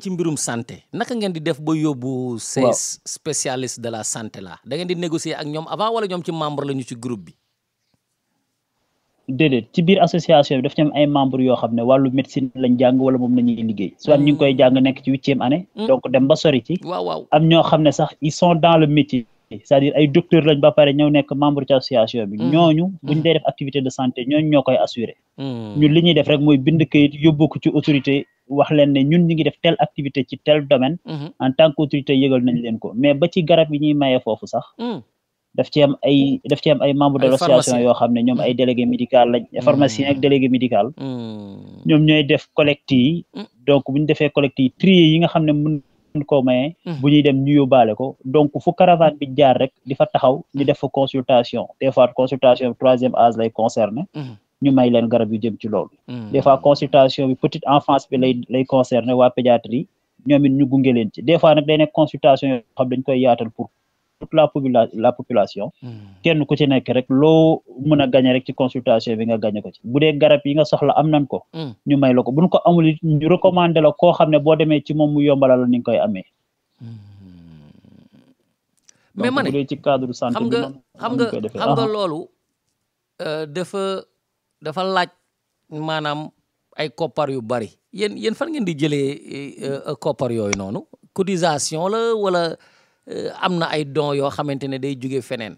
santé la da ngeen di négocier avant wala ñoom ci membre la ci groupe bi. déedéet ci biir association bi daf ci am yoo xam ne wàllu médecine lañ jàng wala moom la ñuy liggéey soit ñu ngi mm. koy jàng nekk ci huitième année. Mm. donc dem ba sori ci. am ñoo xam ne sax ils sont dans le métier. c'est-à-dire ay docteur lañ ba pare ñëw nekk membre ci association bi. Mm. ñooñu bu ñu dee def activité de santé ñooñu ñoo koy assurer. ñun li ñuy def mooy bind kayit yóbbu ci autorité. wax leen ne ñun ñu ngi def telle activité ci tel domaine mhm. en tant qu'autorité yëgal nañ leen ko mais ba ci garab yi ñuy maye foofu sax mhm. daf ci am ay membre de l'association yoo xam ne ñoom ay délégué médical lañ mhm. pharmacie ak délégué médical ñoom ñooy def collecte yi donc bu ñu defee collecte yi trier yi nga xam ne mën ko maye bu ñuy dem ñu yóbbaale ko donc fu caravane bi jaar rek di fa taxaw ñu def fa consultation des fois consultation troisième âge lay concerné ñu may leen garab yu jëm ci loolu hmm. des consultation bi petite enfance bi lay lay concerner waa pédiatrie ñu gunge leen ci des nag day consultation yoo xam dañ koy yaatal pour toute la popula la population hmm. kenn ku ci nekk rek loo mën a gañe rek ci consultation bi nga gañe ko ci bu dee garab yi nga soxla am nañ ko hmm. ñu may la ko buñ ko amul ñu recommandé la koo xam ne boo demee ci moom mu yombalal ni nga koy amee mais ci cadre santé xam nga loolu euh, dafa dafa laaj maanaam ay koppar yu bari yéen yéen fan ngeen di jëlee euh, koppar yooyu noonu cotisation la wala euh, am na ay dons yoo xamante ne day jóge feneen.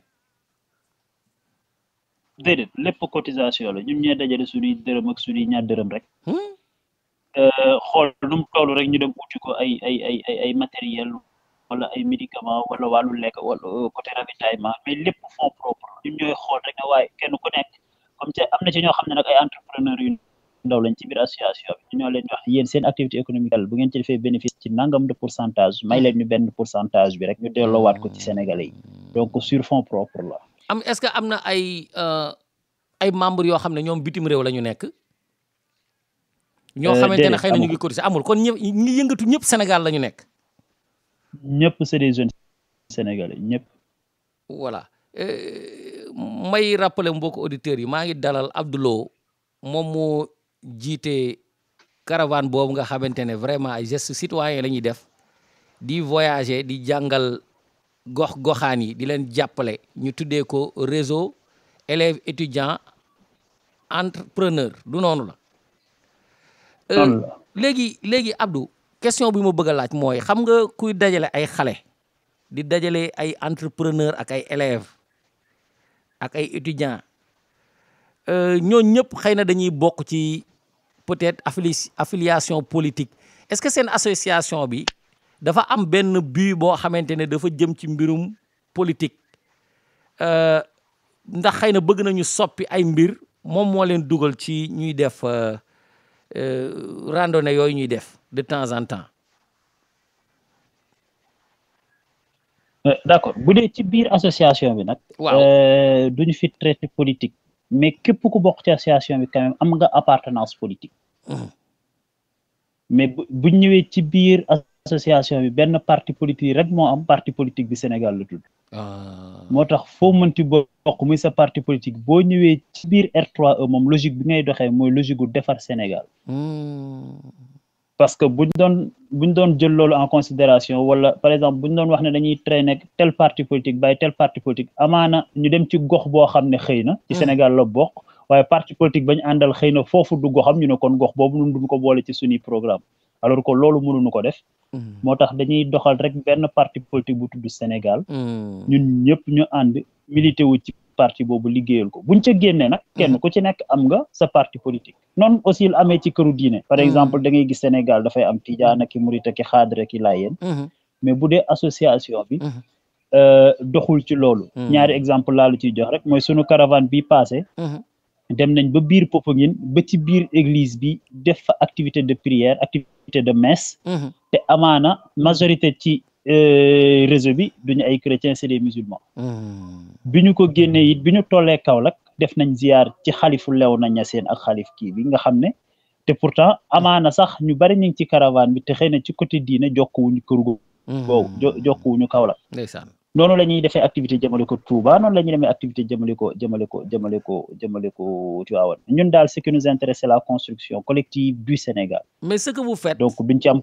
de lépp cotisation la ñun ñee dajal suñuy dërëm ak suñuy ñaar dërëm rek. Hmm? Euh, xool nu mu rek ñu dem uti ko ay ay ay ay ay matériel wala ay médicament wala wàllu lekk wala côté ravitaillement lépp fonds propre ñun ñooy xool rek ne waaye kenn ku comme te am na ñoo xam ne nag ay entrepreneur yu ndaw lañ ci biir association bi ñoo leen wax yéen seen activité économique bu ngeen ci defee bénéfice ci nangam de pourcentage may leen ñu benn pourcentage bi rek ñu waat ko ci Sénégalais yi donc sur fonds propre la. am est-ce que am na ay euh, ay membres yoo xam ne ñoom bitim réew la ñu nekk. ñoo euh, xamante ne xëy na ñu ngi cotiser amul kon ñëpp ñi yëngatu ñëpp Sénégal la ñu nekk. ñëpp c'est des jeunes sénégalais ñëpp. Euh, may rappeler mbokk auditeurs yi maa ngi dalal Abdou Lo moom mu jiite caravane boobu nga xamante ne vraiment ay gestes citoyens la ñuy def di voyager di jàngal gox-goxaan yi di leen jàppale ñu tuddee ko réseau élèves étudiants entrepreneur du euh, noonu la. léegi léegi Abdou question bi mu bëgg a laaj mooy xam nga kuy dajale ay xale di dajale ay entrepreneur ak ay élèves. ak ay étudiants euh, ñoo ñëpp xëy na dañuy bokk ci peut-être affili affiliation politique est-ce que seen association bi dafa am benn but boo xamante ne dafa jëm ci mbirum politique euh, ndax xëy na bëgg nañu soppi ay mbir moom moo leen dugal ci ñuy def euh, randonnée yooyu ñuy def de temps en temps Euh, d' accord bu dee ci biir association bi nag. waaw euh, du ñu fi politique. mais képp ku bokk ci association bi quand am nga appartenance politique. mais bu bu ñëwee ci biir association bi benn parti politique rek moo am parti politique bi Sénégal la tudd. Ah. moo tax foo mënti bokk muy sa parti politique boo ñëwee ci biir r e moom logique bi ngay doxee mooy logique gu defar Sénégal. parce que buñ doon buñ doon jël loolu en considération wala par exemple buñ doon wax ne dañuy traîner tel parti politique bàyyi tel parti politique amaana ñu dem ci gox boo xam ne xëy ci hmm. Sénégal la bokk waaye parti politique bañ àndal xëy na foofu goxam ñu ne kon gox boobu nun duñ ko boole ci suñuy programme alors que loolu mënuñu ko def hmm. moo tax dañuy doxal rek benn parti politique bu tudd Sénégal hmm. ñun ñëpp ñu ànd milité wu ci parti boobu liggéeyal ko buñ ca génnee nag hmm. kenn ku ci nekk am nga sa parti politique noonu aussi lu ci këru diine par hmm. exemple da ngay gis Sénégal dafay am tijaan ki murit ki xaadre ki laayeen hmm. mais bu dee association bi euh, doxul ci loolu ñaari exemple laa la ci jox rek mooy sunu caravane bi passé dem nañ ba biir Popenguine ba ci biir église bi def fa activité de prière activité de messe te amaana majorité ci Euh, réseau bi duñu ay chrétiens c'est des musulmans. Hmm. biñu ko génnee yit biñu tollé Kaolack def nañ ziar ci xalifu lew na ñaseen ak khalif ki bi nga xamné té pourtant amana sax ñu bari ñing ci caravane bi té xëy ci côté diiné diine jokkuwuñu kër googu. Hmm. jokkuwuñu Kaolack. ndeysaan noonu la ñuy defee activité jëmale ko Touba noonu lañuy démé activité jëmale ko jëmale ko jëmale ko jëmale ko Tivaouane ñun dal ce qui nous intéresse la construction collective du Sénégal. mais ce que vous faites donc biñ ci am.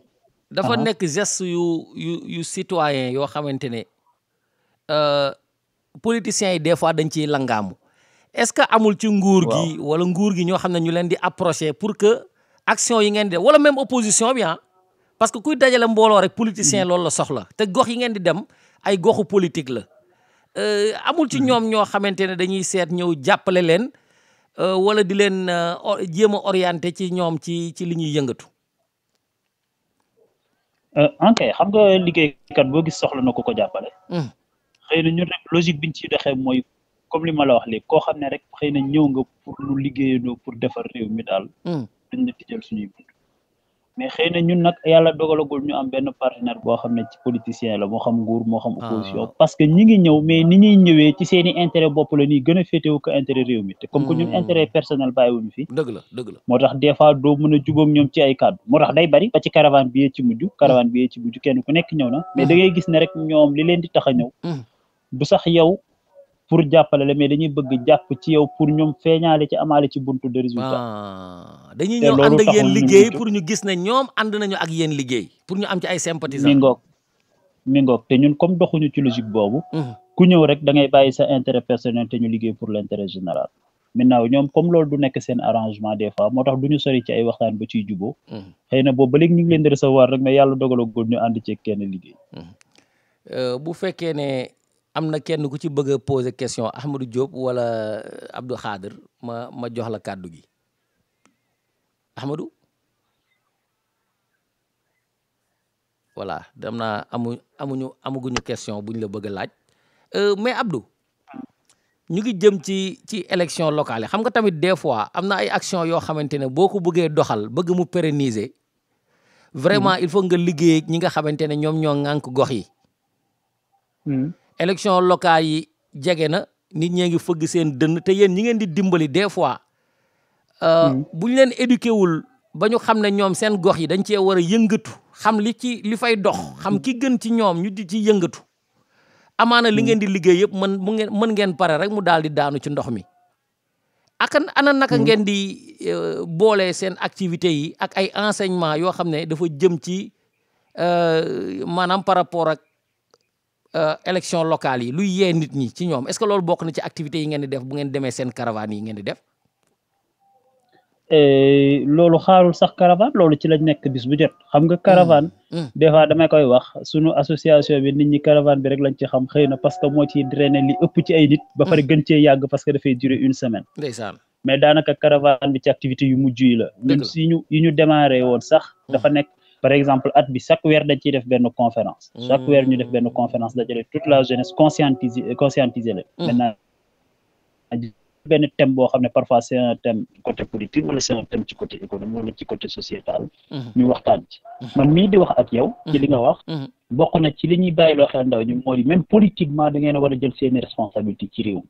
dafa nekk geste yu yu yu citoyen yoo xamante ne euh, politiciens yi des fois dañ ciy langaamu est-ce que amul ci nguur gi wala nguur gi ñoo xam ne ñu leen di approché pour que action yi ngeen di wala même opposition bi ah, parce que kuy dajale mbooloo rek politicien mhm. loolu la soxla te gox yi ngeen di dem ay goxu politique la euh, amul ci mhm. ñoom ñoo xamante ne dañuy seet ñëw jàppale leen euh, wala di leen jéem a orienté ci ñoom ci ci li ñuy yëngatu Euh, ok xam nga liggéeykat boo gis soxla na ko ko jàppale. Hmm. xëy na ñun rek logique biñ ci doxee mooy comme li ma la wax léegi koo xam ne rek xëy na ñëw nga pour nu liggéeyandoo pour defar réew mi daal. Hmm. dañ la tijjal suñuy bunt. mais xëy na ñun nag yàlla dogalagul ñu am benn partenaire boo xam ne ci politicien la moo xam nguur moo xam opposition ah. parce que ñi ngi ñëw mais ni ñuy ñëwee ci seen i intérêt bopp la nii gën a féetewu ko intérêt réew mi te comme que ñun hmm. intérêt personnel bàyyiwuñu fi moo tax des doo mën a jubóog ñoom ci ay kàddu moo tax day bari ba ci caravane bi ci mujj caravane bi ci mujj kenn ku nekk ñëw na mais hmm. da gis ne rek ñoom li leen di tax a ñëw hmm. pour jàppale la mais dañuy bëgg jàpp ci yow pour ñoom feeñaale ci amaale ci buntu de résultat. Ah, dañuy gis ne ñoom ànd nañu ak yéen liggéey pour ñu am ci ay sympathisants. mi ngoog mi ngoog te ñun comme doxuñu ci logique boobu. ku ñëw rek da ngay bàyyi sa intérêt personnel te ñu liggéey pour l' intérêt général. maintenant ñoom comme loolu du nekk seen arrangement de fois moo tax du ñu sori ci ay waxtaan ba ciy juboo xëy boobu ba ñu leen di recevoir rek mais yàlla dogalagul ñu ànd ceeg kenn liggéey. Euh, bu fekkee am na kenn ku ci bëgg a poser question Ahmadou Diop wala euh, Abdou Khader ma ma jox la kàddu gi Ahmadou voilà dem naa amu amuñu amaguñu question buñ la bëgg a laaj euh, mais Abdou ñu ngi jëm ci ci élection locale yi xam nga tamit des fois am na ay action yoo xamante ne boo ko bëggee doxal bëgg mu pérenniser vraiment mm-hmm. il faut nga liggéey ñi nga xamante ne ñoom ñoo ŋànk gox yi mm-hmm. élection locale yi jege na nit ñee ngi fëgg seen dënn te yéen ñi ngeen di dimbali des fois. Euh, hmm. bu ñu leen éduqué wul ba ñu xam ne ñoom seen gox yi dañ cee war a yëngatu xam li ci li fay dox xam ki gën ci ñoom ñu di ci yëngatu. amaana li hmm. ngeen di liggéey yëpp man mu ngeen mën ngeen pare rek mu daal di daanu ci ndox mi. akan ana naka hmm. ngeen di euh, boole seen activités yi ak ay enseignement yoo xam ne dafa jëm ci euh, maanaam par rapport ak Euh, élection locale yi luy yee nit ñi ci ñoom est-ce que loolu bokk na ci activités yi ngeen def bu ngeen demee seen caravane yi ngeen di def. Eh, loolu xaarul sax caravane loolu ci lañ nekk bis bu jot xam nga caravane mm, mm. des fois damay koy wax sunu association bi nit ñi caravane bi rek lañ ci xam xëy na parce que moo ciy drainer li ëpp ci ay nit ba pare mm. gën cee yàgg parce que dafay durer une semaine ndeysaan mais daanaka caravane bi ci activité yu mujj yi la ñun ñu yi ñu démarré woon sax dafa nekk par exemple at chaque weer dañ ci def nos conférence hmm. chaque weer ñu def ben conférence dajale toute la jeunesse conscientiser conscientiser leen hmm. maintenant benn thème boo xam ne parfois c'est un thème politique wala ci côté économie wala ci côté sociétal mhm. ñu waxtaan ci mhm. man mii di wax ak yow ci li nga wax mhm. bokk na ci li ñuy bàyyi loo xel ndaw ñu mooy même politiquement da ngeen war a jël seeni responsabilité ci réew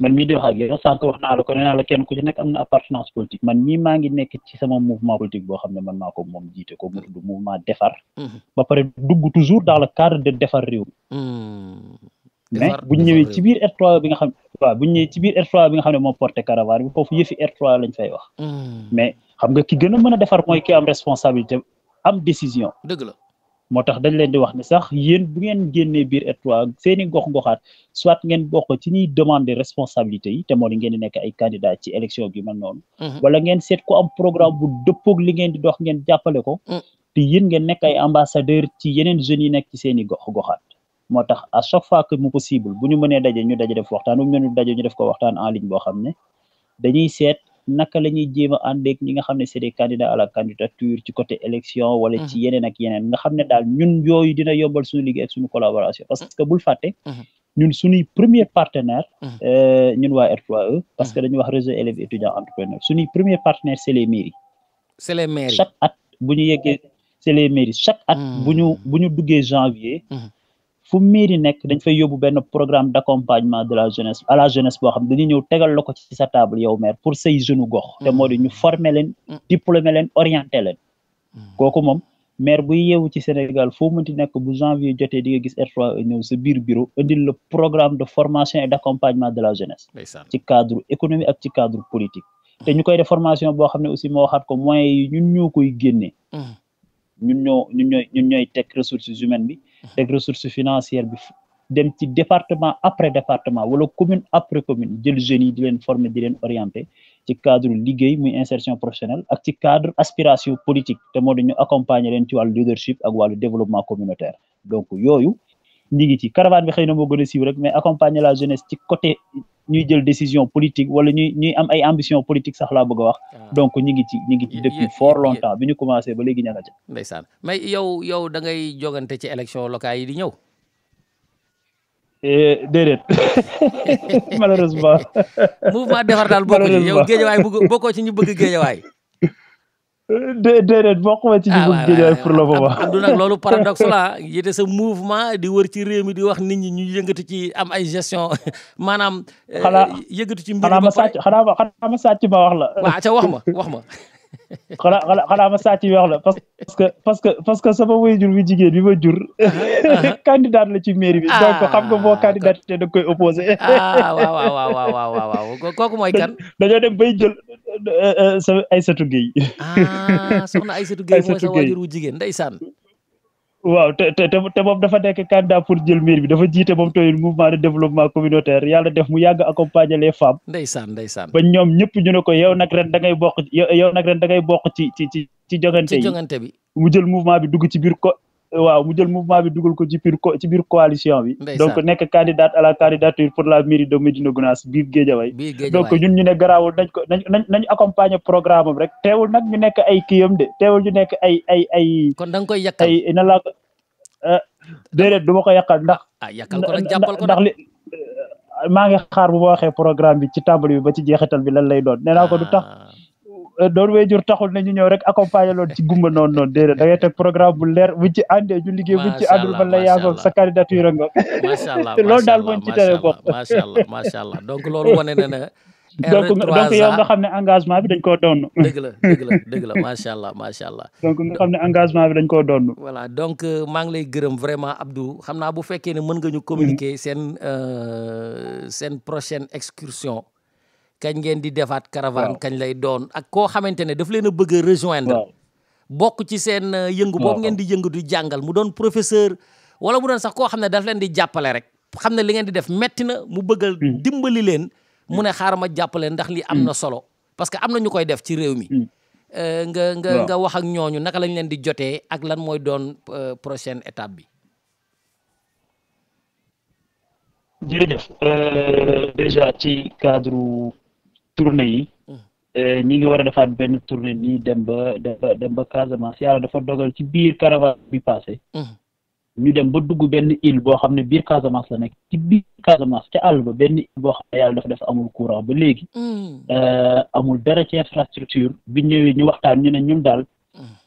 man mii di wax ak yow sànq wax naa la ko nee la kenn ku ci nekk am na appartenance politique man mii maa nekk ci sama mouvement politique boo xam ne man maa ko jiite ko mouvement defar ba pare dugg toujours dans le cadre de defar waaw bu ñu ñëwee ci biir R3 bi nga xam ne moom porté caravane bi foofu yëfi r fay wax. Hmm. mais xam nga ki gën a mën a defar mooy ki am responsabilité am décision. dëgg la moo tax dañ leen di wax ne sax yéen bu ngeen génnee biir R3 seeni gox-goxaat soit ngeen bokk ci ñuy demander responsabilité yi te moo di ngeen di nekk ay candidat ci élection bi mel noonu. Hmm. wala ngeen seet ku am programme bu dëppoog li ngeen di dox ngeen jàppale ko. Hmm. te yéen ngeen nekk ay ambassadeur ci yeneen jeunes yi nekk ci seeni gox-goxaat. moo tax à chaque fois que mu possible bu ñu mënee daje ñu daje def waxtaan bu ñu mënul daje ñu ko waxtaan en ligne boo xam ne dañuy seet naka la ñuy jéem a àndeek ñi nga xam ne c'est des candidats à la candidature ci côté élection wala ci mhm. yeneen ak yeneen nga xam ne daal ñun yooyu dina yombal suñu liggéey ak suñu collaboration parce mhm. que bul fàtte mhm. ñun suñu premier partenaire euh, ñun waa R3E parce que dañu wax réseau élèves étudiants entrepreneurs suñuy premier partenaire c'est les mairies les mairies chaque at bu ñu yeggee c'est les mairies chaque at bu ñu bu ñu duggee janvier fu mairie nekk dañ fay programme d'accompagnement de la jeunesse à la jeunesse xam pour former diplômer orienter maire buy Sénégal bu janvier programme de formation et d'accompagnement de la jeunesse ci cadre économique ak cadre politique formation aussi ko moyens ñun ressources humaines des ressources financières d'un dem ci département après département wala commune après commune jël jeunes yi di leen former di leen orienter ci cadre liggéey muy insertion professionnelle ak ci cadre aspiration politique te moo ñu accompagner leen ci leadership ak le développement communautaire donc yooyu yo ngi ci caravane bi xëy na moo gën mais accompagner la jeunesse ci côté ñuy jël décision politique wala ñuy ñuy am ay ambition politique sax laa bëgg wax. Ah. donc ñu ngi ci ñu ngi ci depuis fort longtemps bi ñu commencé ba léegi ña nga ca. ndeysaan mais yow yow da ngay jogante ci élection locale yi di ñëw. Eh, déedéet malheureusement. mouvement defar daal bokku ci yow bokkoo ci ñu bëgg géejawaay. déedéet bokkuma ci. ah waay pour le moment. Abdou nag loolu paradoxe la yite sa mouvement di wër ci réew mi di wax nit ñi ñu yëngatu ci am ay gestion maanaam. xanaa eh, yëngatu ci mbir mi xanaa ma sàcc xanaa ma sàcc ma wax la. waaw ca wax ma wax ma. xanaa xanaa xanaa ma sàcc wax la parce que parce que parce que sama waajur bu jigéen bi ma jur. candidat la ci mairie bi. donc xam nga boo ah, candidat te da koy opposé. ah waaw waaw waaw waaw kooku mooy kan. dañoo dem bay jël euh, euh, sama Aïssatou Gueye. Ah, soxna Aïssatou Gueye mooy sa waajur bu jigéen ndeysaan. waaw te te te moom dafa nekk candidat pour jël maire bi dafa jiite moom tooyul mouvement de développement communautaire yàlla def mu yàgg accompagner les femmes. ndeysaan ndeysaan. ba ñoom ñëpp ñu ne ko yow nag ren da ngay bokk yow nag ren da ci ci ci ci jogante yi bi. mu jël mouvement bi dugg ci biir ko waaw mu jël mouvement bi dugal ko ci biir ci biir coalition bi donc nekk candidate a la candidature pour la mairie de Médina Gounass biir Guédiawaye donc ñun ñu ne garaawul nañ ko nañ nañ nañ accompagner programme am rek teewul nag ñu nekk ay kiyam de teewul ñu nekk ay ay ay kon da nga koy yàqal ay na laa ko eh, déedéet du ma ko yàqal ndax ah yàqal ko nag jàppal ndax li maa ngi xaar bu ma waxee programme bi ci tàmbali bi ba ci jeexital bi lan lay doon nee naa ko du tax ah. Euh, doon wéyjur taxul ne ñu ñëw rek accompagner loon ci gumba noonu noonu déedéet da ngay teg programme bu leer buñ ci àndee liggéey buñ ci àndul man sa candidature nga macha allah te loolu daal mooñ ci tere bokk macha allah macha allah donc loolu wane na donc donc nga xam ne engagement bi dañ koo doon dëgg la macha allah macha allah donc nga xam engagement bi dañ koo doon voilà donc euh, maa ngi lay gërëm vraiment Abdou xam naa bu fekkee ne mën nga ñu communiquer mm-hmm. seen euh, seen prochaine excursion kañ ngeen di defaat caravane kañ lay doon ak koo xamante ne daf leen a bëgg a rejoindre bokk ci seen euh, yëngu boobu ngeen di yëngu di jàngal mu doon professeur wala mu doon sax koo xam ne daf leen di jàppale rek xam ne li ngeen di def metti na mu bëggal hmm. dimbali leen mu ne hmm. xaaral ma jàppale ndax li am na hmm. solo parce que am na ñu koy def ci réew mi euh, nga nga nga wax ak ñooñu naka lañ leen di jotee ak lan mooy doon euh, prochaine étape bi tournée yi mm. eh, ñi ngi a defaat benn tournée nii dem ba dem ba dem ba Casamance yàlla dafa dogal ci biir caravane bi passé mm. ñu dem ba dugg benn il boo xam ne biir Casamance la nekk ci biir Casamance ca àll ba benn île boo xam ne yàlla dafa def amul courant ba léegi mm. eh, amul dara ci infrastructure bi ñëwee ñu waxtaan ñu ne ñun daal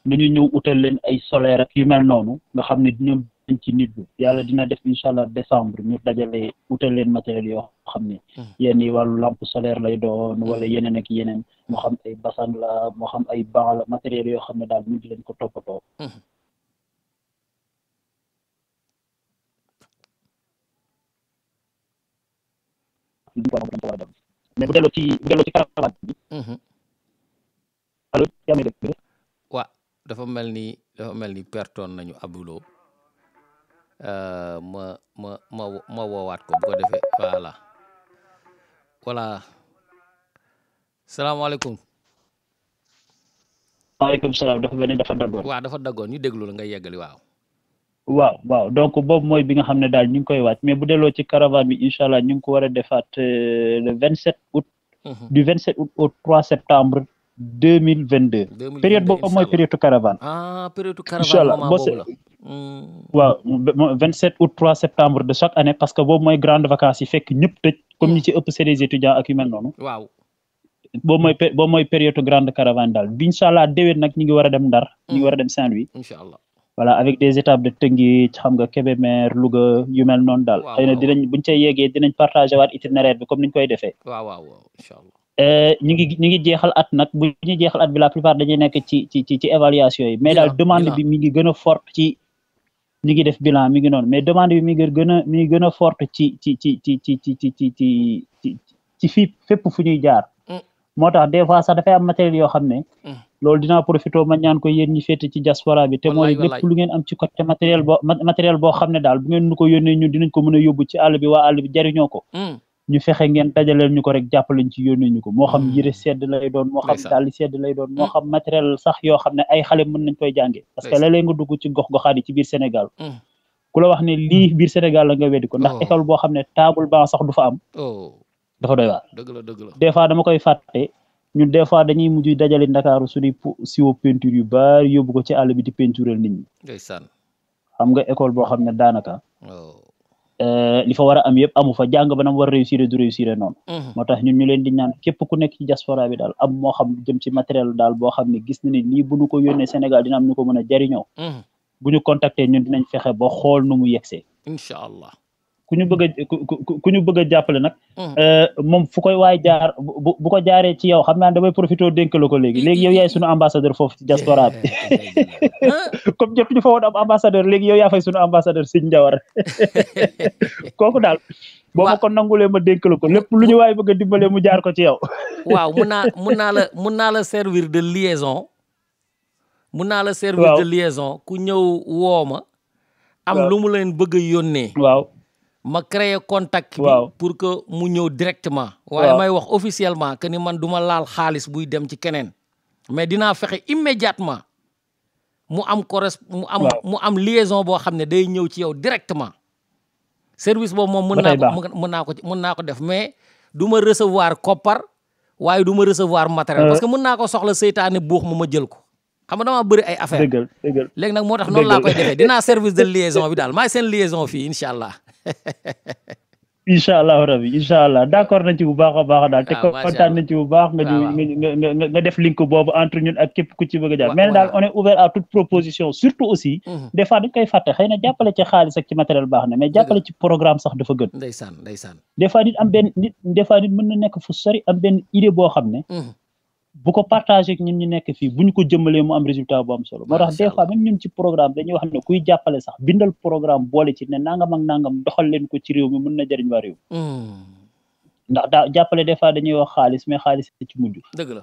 nañu ñëw utal leen ay solaire ak yu mel noonu nga xam ne ñoom dañ ci nit bu yàlla hmm. dina def incha allah décembre ñu dajale utal leen matériel yoo xam ne hmm. yenn yi wàllu lampe solaire lay doon hmm. wala yeneen ak yeneen moo xam ay basan la moo xam ay banc la matériel yoo xam ne daal ñu di leen ko toppatoo mais bu delloo ci bu delloo ci caravane bi allo yaa ngi dégg waa dafa mel ni dafa mel ni pertoon nañu abuloo Euh, ma ma ma ma woowaat ko bu ko defee voilà voilà salaamaaleykum. waaleykum salaam dafa mel ni dafa daggoon. waaw dafa daggoon ñu déglu la nga yeggali waaw. waaw waaw donc boobu mooy bi nga xam ne daal ñu ngi koy waaj mais bu delloo ci caravane bi incha allah ñu ngi ko war a defaat euh, le vingt sept août. Mhm. vingt sept août au trois septembre deux mille vingt deux. période boobu mooy période caravane. ah période Hmm. waaw 27 août 3 septembre de chaque année parce que boobu mooy grande vacances yi fekk ñëpp tëj comme ñi ci ëpp c'est des étudiants ak yu mel noonu. waaw boobu mooy boobu mooy période grande caravane daal bi incha allah déwén nag ñu ngi war a dem Ndar. ñu ngi war a dem Saint-Louis. incha allah voilà avec des étapes de Tëngéej xam nga mer Louga yu mel noonu daal. waaw xëy na dinañ buñ cay yeggee dinañ partagé waat itinéraire bi comme niñ koy defee. waaw waaw incha allah. Euh, ñu ngi ñu ngi jeexal at nag bu ñu jeexal at bi la plupart dañuy nekk ci ci ci évaluation yi mais daal demande bi mi ngi gën a forte ci ñu ngi def bilan mi ngi noonu mais demande bi mi ngi gën a mi ngi gën a forte ci ci ci ci ci ci ci ci ci ci fi fépp fu ñuy jaar moo tax des fois sax dafay am matériel yoo xam ne loolu dinaa profité ma ñaan ko yéen ñi féete ci diaspora bi te mooy lépp lu ngeen am ci côté matériel boo matériel boo xam ne daal bu ngeen nu ko yónnee ñun dinañ ko mën a yóbbu ci àll bi waa àll bi jariñoo ko ñu fexe ngeen dajaleel ñu ko rek jàppalañ ci yónnee ñu ko moo xam hmm. yëre sedd lay doon moo xam dàll sedd lay doon moo hmm. xam matériel sax yoo xam ne ay xale mën nañ koy jànge parce que léeg-léeg nga dugg ci gox goxaan yi ci biir Sénégal hmm. ku la wax ne lii biir Sénégal la nga weddi ko ndax oh. école boo xam ne table ba sax du fa am oh. dafa doy waar dëgg la dëgg la des fois dama koy fàtte ñun des fois dañuy mujj dajale Ndakaaru suñuy siwo peinture yu bari yóbbu ko ci àll bi di peinturel nit ñi xam nga école boo xam ne daanaka oh. Eh, li fa war a am yëpp amu fa jàng ba nam war a réussir du réussir noonu mhm. moo tax ñun ñu leen di ñaan képp ku nekk ci diaspora bi daal am moo xam jëm ci matériel daal boo xam ne gis na ne lii bu ko yónnee Sénégal dina am ñu ko mën a jariñoo mhm. bu ñu fexe ba xool nu mu yegsee incha allah ku ñu bëgg a ku ñu bëgg a jàppale nag. Hmm. Euh, moom fu koy waay jaar bu bu ko jaaree ci yow xam naa damay profité dénk la ko léegi hmm. léegi yow yaay sunu ambassadeur foofu ci diaspora bi comme jot ñu fa woon am ambassadeur léegi yow yaa fay sunu ambassadeur Sine Ndiawar kooku daal. boo ma ko nangulee ma dénk la ko lépp lu ñu waay bëgg a mu jaar ko ci yow. waaw mun naa naa la naa la servir de liaison. mun naa la servir de liaison ku ñëw woo ma. am lu mu leen bëgg a ma créer contact bi waaw pour que mu ñëw directement waaye may wax officiellement que ni man du ma laal xaalis buy dem ci keneen mais dinaa fexe immédiatement mu am corres mu am mu am liaison boo xam ne day ñëw ci yow directement service boobu moom mën naa ko mën mën naa ko def mais du ma recevoir koppar waaye du ma recevoir matériel euh. parce que mën naa ko soxla seytaane buux ma ma jël ko xam nga damaa bëri ay affaire léegi nag tax noonu laa koy defee dinaa service de liaison bi daal maay seen liaison fii incha allah incha allah rabi incha allah d' accord nañ bu baax a baax daal te ah, kontaan bu baax nga nga nga def link boobu entre ñun ak képp ku ci bëgg a jaar mais daal on est ouvert à toute proposition surtout aussi mhm. des koy fàtte xëy na jàppale ci xaalis ak ci baax na mais jàppale ci programme sax dafa gën ndeysaan ndeysaan des fois nit am benn nit des nekk fu sori am benn idée boo xam ne mhm. bu ko partagé nekk fii bu ko jëmbalee mu am résultat bu am solo moo tax des fois même ñun ci programme dañuy wax ne kuy jàppale sax bindal programme boole ci ne nangam nangam doxal leen ko ci réew mi na jëriñ waa réew hmm. ndax daa jàppale des fois dañuy wax xaalis mais xaalis ci mujj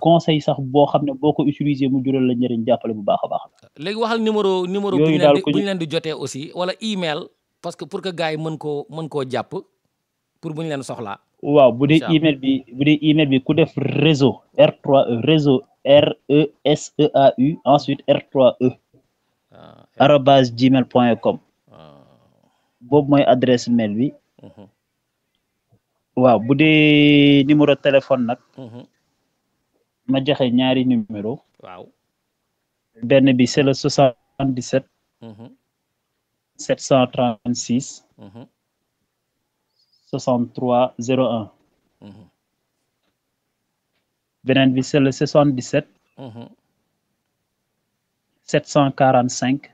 conseil sax boo xam ne boo ko utiliser mu la njëriñ jàppale bu baax a baax la léegi waxal numéro numéro bu ñu leen di jotee aussi wala email parce que pour que gars mën koo koo jàpp pour vous dire leen là waaw vous avez email bi avez email bi réseau R3E réseau R E S E A U ensuite R3E. Ah, e. arobase gmail point ah. adresse mail bi. Mhm. waaw bu numéro numéro téléphone je mhm. ma numéro. waaw. benn c'est le 77. 736. Mhm. 63 01. Mm-hmm. beneen bi c'est le 77. 745.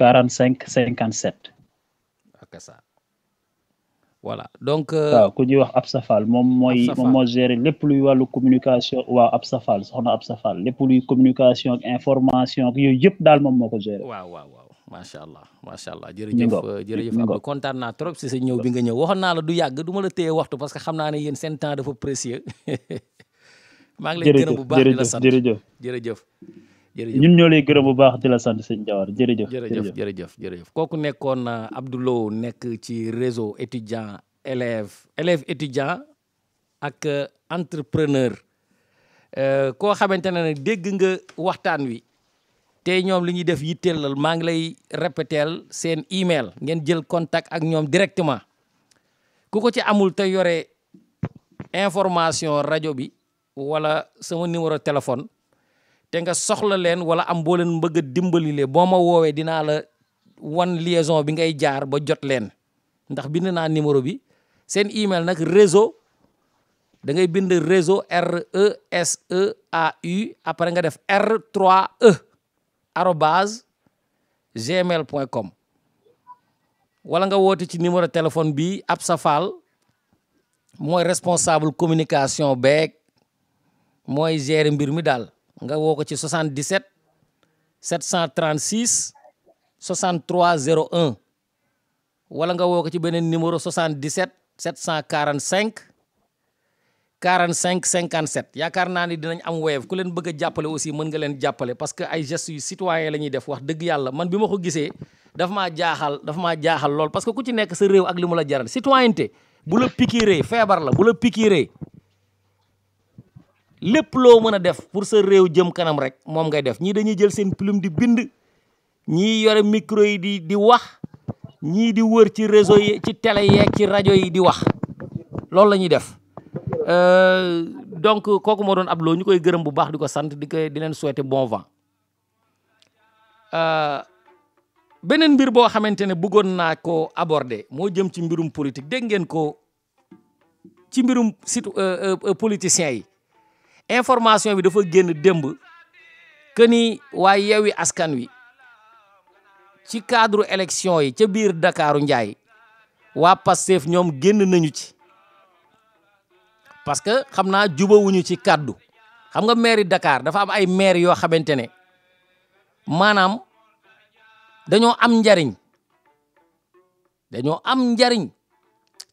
45 57. ak ça voilà donc. Euh, waaw ku ñuy wax Absa Fall moom mooy. moom moo gérer lépp luy wàllu communication wa Absa Fall soxna Absa Fall lépp luy communication ak information ak yooyu yëpp daal moom moo ko gérer. waaw waaw. macha allah macha allah jërëjëf euh, jërëjëf Abdou kontaan naa trop si sa ñëw bi nga ñëw waxoon naa la du yàgg du ma la téye waxtu parce que xam naa ne seen temps dafa précieux maa ngi lay gërëm bu baax la sant jërëjëf jërëjëf jërëjëf ñun ñoo lay gërëm bu baax di la sant sëñ Diawar jërëjëf jërëjëf jërëjëf jërëjëf kooku nekkoon euh, Abdou Lo nekk ci réseau étudiant élève élève étudiant ak euh, entrepreneur koo xamante dégg nga waxtaan wi tey ñoom li ñuy def yitteelal maa ngi lay répéteel seen email ngeen jël contact ak ñoom directement ku ko ci amul te yore information rajo bi wala sama numéro téléphone te nga soxla leen wala am boo leen bëgg dimbali leen boo ma woowee dinaa la wan liaison bi ngay jaar ba jot leen ndax bind naa numéro bi seen email nag réseau da ngay bind réseau R E S E A U après nga def R 3 E. arobase gmail point com wala nga woote ci numéro téléphone bi Absa Fall mooy responsable communication beek mooy gérer mbir mi daal nga woo ko ci 77 736 63 un wala nga woo ko ci beneen numéro 77 745 45 57 Ya naa ni dinañ am Wave ku leen bëgg a jàppale aussi mën nga leen jàppale parce que ay gestes yu citoyen la def wax dëgg yàlla man bi ma ko gisee daf maa jaaxal daf maa jaaxal lool parce que ku ci nekk sa réew ak li mu la jaral citoyenneté bu la pikiiree feebar la bu la pikiiree lépp loo mën a def pour sa réew jëm kanam rek moom ngay def ñii dañuy jël seen plume di bind ñii yore micro yi di di wax ñii di wër ci réseau yi ci télé yeeg ci rajo yi di wax Lool la ñuy def Euh, donc koku moo doon ab loo bu baax di sante diko di len souhaiter bon vent euh, beneen mbir boo xamante ko aborder mo jëm ci mbirum politique deg ngeen ko ci mbirum sit euh, politiciens yi information bi dafa genn demb que ni way yewi Askan Wi ci cadre élection yi ci bir dakaru Njaay wa passef ñom genn nañu ci parce que xam naa jubawuñu ci kàddu xam nga mairie dakaar dafa am ay maire yoo xamante ne maanaam dañoo am njariñ dañoo am njariñ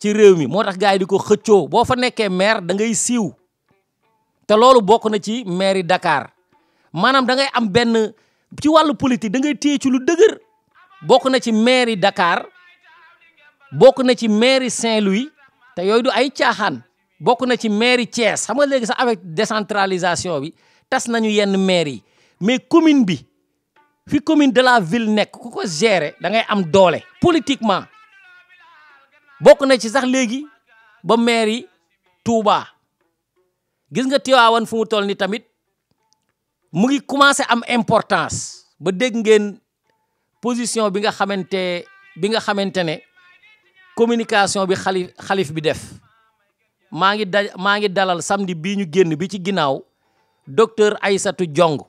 ci réew mi moo tax gars di ko xëccoo boo fa nekkee maire da ngay siiw te loolu bokk na ci mairie dakaar maanaam da ngay am benn ci wàllu politique da ngay téye lu dëgër bokk na ci mairie dakaar bokk na ci mairie Saint-Louis te yooyu du ay caaxaan bokk na ci mairie Thiès xam nga avec décentralisation bi tas nañu yenn mais commune bi commune de la ville nekk ku ko gérer da ngay politiquement ci sax léegi ba maire Touba gis nga fu mu tamit mu ngi am importance ba position bi nga bi nga ne communication bi xalif maa ngi dalal samdi bii ñu génn bi ci ginnaaw docteur Aysatu Jong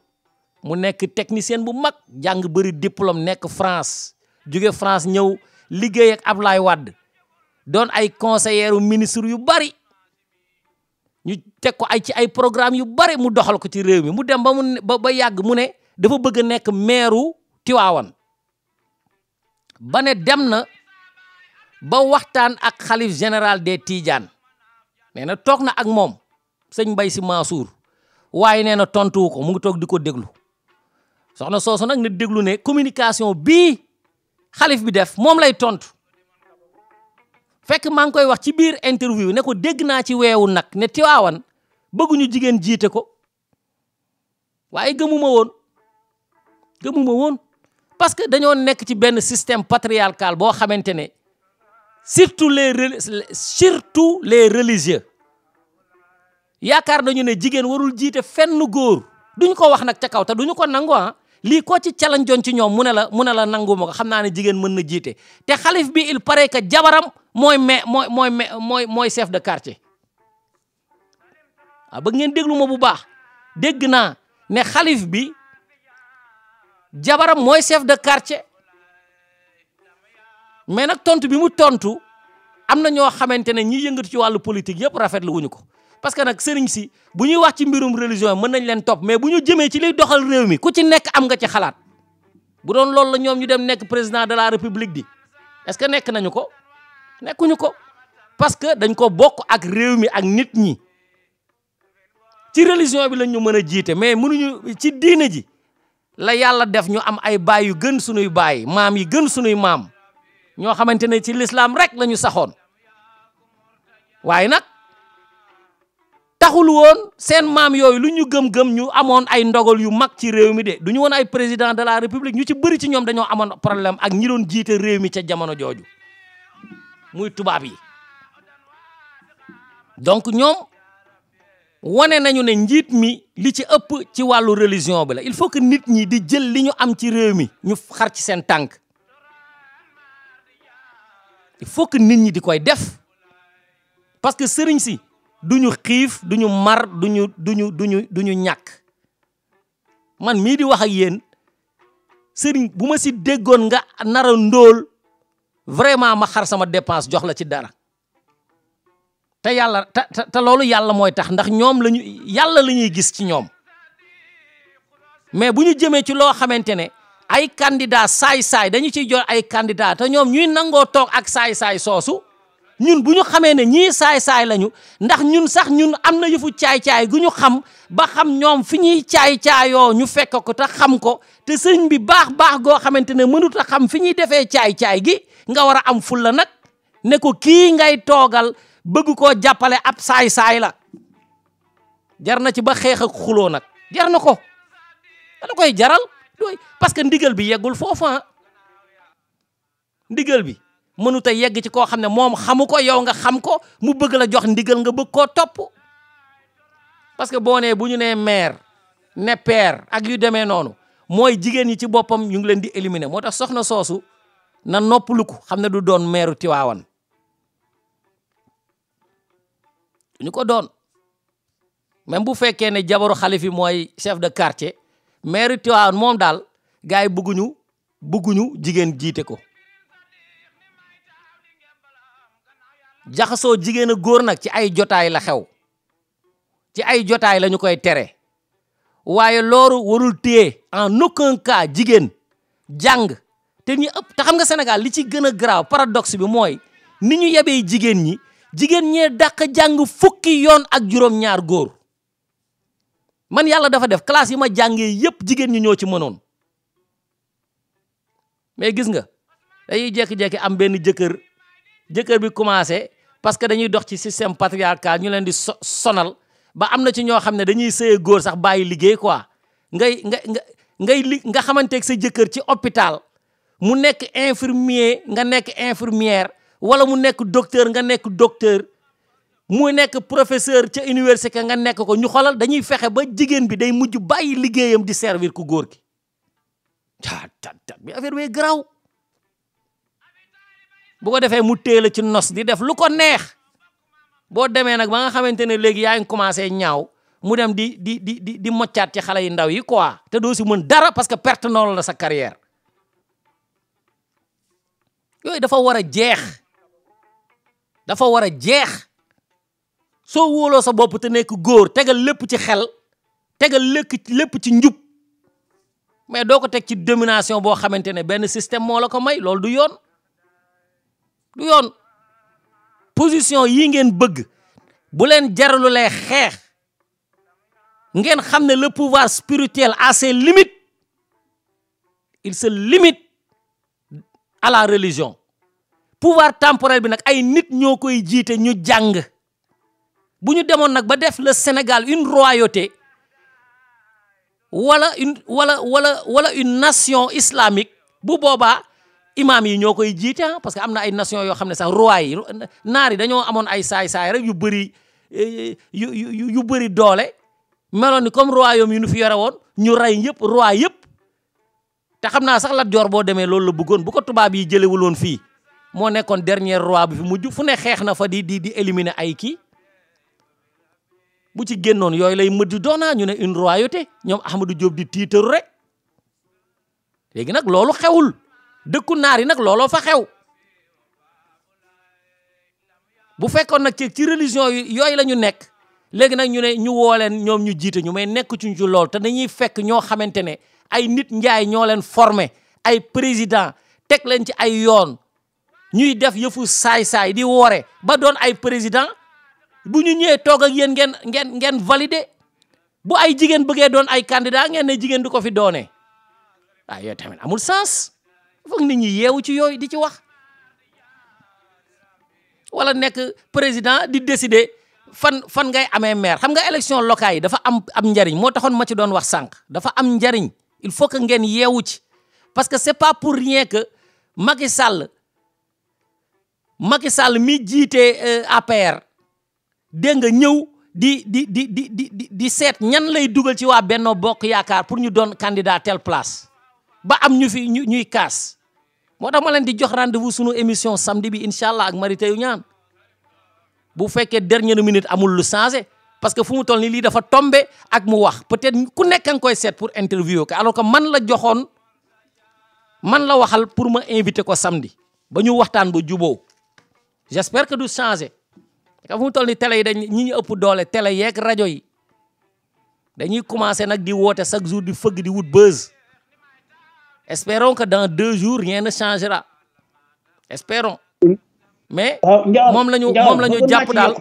mu nekk technicien bu mag jàng bari diplôme nekk France jóge France ñëw liggéey ak Ablaye Wade doon ay conseillers u ministre yu bari ñu teg ko ay ci ay programme yu bari mu doxal ko ci réew mi mu dem ba mu ba ba yàgg mu ne dafa bëgg a nekk meeru tiwawan ba ne dem na ba waxtaan ak xalif général des Tidianes nee na toog na ak moom sëñ Mbay Si Mansour waaye nee na tontuwu ko mu ngi toog di ko déglu soxna soosu nag na déglu ne communication bii xalif bi def moom lay tontu fekk maa ngi koy wax ci biir interview ne ko dégg naa ci weewu nag ne Tiwaawan bëgguñu jigéen jiite ko waaye gëmuma woon gëmuma woon parce que dañoo nekk ci benn système kaal boo xamante ne surtout les surtout les religieux yaakaar nañu ne jigéen warul jiite fenn góor duñ ko wax nag ca kaw te duñu ko nangu ah lii ko ci challenge joon ci ñoom mu ne la mu ne la nangu ma xam naa ne jigéen mën na jiite te xalif bi il paraît que jabaram mooy mooy mooy mooy chef de quartier waaw ah, ba ngeen déglu ma bu baax dégg naa ne xalif bi jabaram mooy chef de quartier mais nag tontu bi mu tontu am na ñoo xamante ne ñi yëngatu ci wàllu politique yëpp rafetlu wuñu ko parce que nag sëriñ si bu ñuy wax ci mbirum rélision mën nañ leen topp mais bu ñu jëmee ci liy doxal réew mi ku ci nekk am nga ci xalaat bu doon loolu la ñoom ñu dem nekk président de la république di est-ce que nekk nañu ko nekkuñu ko parce que dañ ko bokk ak réew mi ak nit ñi ci religion bi lañ ñu mën a jiite mais mënuñu ci diine ji la yàlla def ñu am ay baay yu gën sunuy baay maam yi gën sunuy maam ñoo xamante ne ci lislaam rek la saxoon waaye nag taxul woon seen maam yooyu lu ñu gëm-gëm ñu amoon ay ndogal yu mag ci réew mi de du ñu woon ay président de la république ñu ci bëri ci ñoom dañoo amoon problème ak ñi doon jiite réew mi ca jamono jooju muy tubaab yi donc ñoom wane nañu ne njiit mi li ci ëpp ci wàllu religion bi la il faut que nit ñi di jël li ñu am ci réew mi ñu xar ci seen tànk il faut que nit ñi di koy def parce que sëriñ si duñu xiif mar duñu duñu duñu duñu du ñàkk man mii di wax ak yéen sëriñ bu ma si déggoon nga nara ndóol vraiment ma xar sama dépense jox la ci dara te yàlla te te loolu yàlla mooy tax ndax ñoom lañu yàlla la ñuy gis ci ñoom mais bu ñu jëmee ci loo xamante ne ay candidat saay-saay dañu ciy jor ay candidat te ñoom ñuy nangoo toog ak saay-saay soosu ñun bu ñu xamee ne ñii saay-saay lañu ndax ñun sax ñun am na yëfu caay-caay gu ñu xam ba xam ñoom fi ñuy caay-caayoo ñu fekk ko te xam ko te sëñ bi baax baax goo xamante ne mënut a xam fi ñuy defee caay-caay gi nga war a am fulla nag ne ko kii ngay toogal bëgg koo jàppale ab saay-saay la jar na ci ba xeex xuloo nag jar na ko da koy jaral looy parce que ndigal bi yeggul foofa ah. ndigal bi mënut a yegg ci koo xam ne moom xamu ko yow nga xam ko mu bëgg la jox ndigal nga bëgg koo topp parce que boo nee bu ñu nee maire ne père ak yu demee noonu mooy jigéen ñi ci boppam ñu ngi leen di éliminer moo tax soxna soosu na noppalu ko xam ne du doon meeru Tiwaawan ñu ko doon même bu fekkee ne jabaru xalif yi mooy chef de quartier maire Tivaouane moom daal gars yi bëgguñu bëgguñu jigéen jiite ko jaxasoo jigéen a góor nag ci ay jotaay la xew ci ay jotaay lañu koy tere waaye loolu warul téye en aucun cas jigéen jàng te ñu ëpp te xam nga Sénégal li ci gën a grave paradoxe bi mooy ni ñu yebee jigéen ñi jigéen ñee dàq jàng fukki yoon ak juróom-ñaar góor man yalla dafa def classe yi ma jàngee yépp jigen ñu ñoo ci mënon mais gis nga dañuy jek jek am ben jëkkër jëkkër bi commencé parce que dañuy dox ci système patriarcal ñu leen di sonal ba amna ci ño xam dañuy sey goor sax bayyi liggéey quoi ngay nga nga ngay li sa jëkkër ci hôpital mu nek infirmier nga nek infirmière wala mu nek docteur nga nek docteur mu nekk professeur ca université nga nekk ko ñu xoolal dañuy fexe ba jigéen bi day mujj bàyyi liggéeyam di servir ku góor gi tat tat bi affaire bi garaaw bu defee mu téela ci nos di def lu ko neex boo demee nag ba nga xamante ne léegi yaa ngi commencé ñaaw mu dem di di di di di moccaat ci xale yu ndaw yi quoi te doo si mën dara parce que perte noonu la sa carrière yooyu dafa war a jeex dafa war a jeex soo wóoloo sa bopp te nekk góor tegal lépp ci xel tegal lékk lépp ci njub mais doo ko teg ci domination boo xamante ne benn système moo la ko may loolu du yoon yoon position yi ngeen bëgg bu leen jarlu lee xeex ngeen xam ne la pouvoir spirituel à ses limites il se limite à la religion pouvoir temporel bi nag ay nit ñoo koy jiite ñu jàng bu ñu demoon nag ba def le Sénégal une royauté wala une wala wala wala une nation islamique bu boobaa imaam yi ñoo koy jiite ah, parce que am na ay nation yoo xam ne sax roi yi naar dañoo amoon ay saay-saay rek yu bëri eh, yu yu yu bëri doole meloon ni comme yoom yu nu fi yore woon ñu rey yëpp roi yëpp te xam naa sax Lat Joor boo demee loolu la bëggoon bu ko tubaab yi jëlewuloon fii moo nekkoon dernier roi bi fi mujj fu ne xeex na fa di di éliminé ay kii bu ci génnoon yooyu lay mëdd doonaa ñu ne une royauté ñoom Ahmadou Diop di tiitaru rek léegi nag loolu xewul dëkku naar yi nag looloo fa xew bu fekkoon nag ci ci religion yi yooyu la ñu nekk léegi nag ñu ne ñu woo leen ñoom ñu jiite ñu may nekk ci ci lool te dañuy fekk ñoo xamante ne ay nit njaay ñoo leen formé ay président teg leen ci ay yoon ñuy def yëfu saay-saay di woore ba doon ay président bu ñu ñëwee toog ak yéen ngeen ngeen ngeen validé bu ay jigéen bëggee doon ay candidat ngeen ne jigéen du ko fi doone waaw ah, yooyu tamit amul sens foog nit ñi yeewu ci yooyu di ci wax wala nekk président di décider fan fan ngay amee maire xam nga élection locale yi dafa am am njariñ moo taxoon ma ci doon wax sànq dafa am njariñ il faut que ngeen yeewu ci parce que c'est pas pour rien que Macky Sall Macky Sall mi jiite euh, APR de nga ñew di di di di di di set ñan lay duggal ci wa Benno Bokk yaakar pour ñu don candidat tel place ba am ñu fi ñuy kaas motax ma leen di jox rendez-vous suñu émission samedi bi inshallah allah ak marité yu ñaan bu fekke dernière minute amul lu changer parce que fu mu toll ni li dafa tomber ak mu wax peut-être ku nekk nga koy set pour interview ko alors que man la joxone man la waxal pour ma inviter ko samedi ba ñu waxtaan ba jubo j'espère que du changer te fu mu toll ni télé yi dañ ñi ñu ëpp doole télé yeeg rajo yi dañuy commencé nag di woote chaque jour di fëgg di wut buzz espérons que dans deux jours rien ne changera espérons mm. mais ah, moom la ñu moom la ñu jàpp daal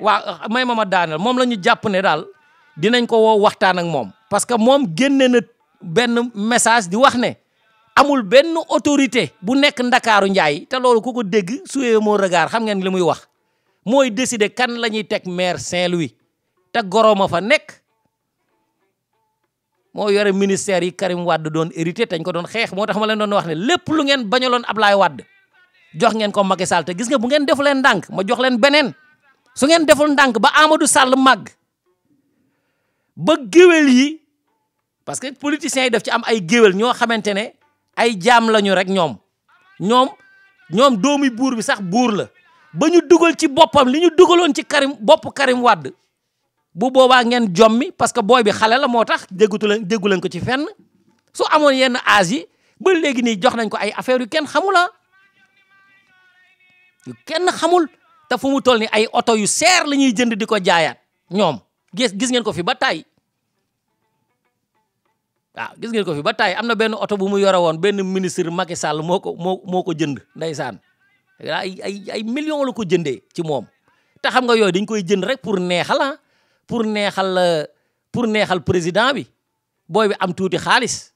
waaw ma ma daaneel moom la ñu jàpp ne daal dinañ ko woo waxtaan ak moom parce que moom génne na benn message di wax ne amul benn autorité bu nekk ndakaaru njaay te loolu ku ko dégg suyee moo regard xam ngeen li muy wax moy décider kan la tek maire Saint-Louis ta goroma fa nek mo yore ministère yi Karim wad doon hérité tañ ko doon xex motax ma leen doon wax ne lepp lu ngeen bañalon Ablaye wad jox ngeen ko Macky Sall te gis nga bu ngeen defu leen ndànk ma jox len benen su ngeen deful dank ba Amadou Sall mag ba géwél yi parce que politiciens yi daf ci am ay géwél ño xamantene ay jam lañu rek ñom ñom ñom doomi bour bi sax bour la ba ñu dugal ci boppam li ñu dugaloon ci Karim bopp Karim Wade bu boobaa ngeen jommi parce que booy bi xale la moo tax déggutu leen déggu leen ko ci fenn su amoon yenn âge ba léegi nii jox nañ ko ay affaire yu kenn xamula ah. yu kenn xamul te fu mu toll ni ay oto yu seer la ñuy jënd di ko jaayaat ñoom gis gis ngeen ko fi ba tàyyi waaw gis ngeen ko fi ba tàyyi am na benn oto bu mu yore woon benn ministre Macky Sall moo ko moo moo ko jënd ndeysaan ay ay ay millions la ko jëndee ci moom te xam nga yooyu dañ koy jënd rek pour neexal ah, pour neexal euh, pour neexal président bi booy bi am tuuti xaalis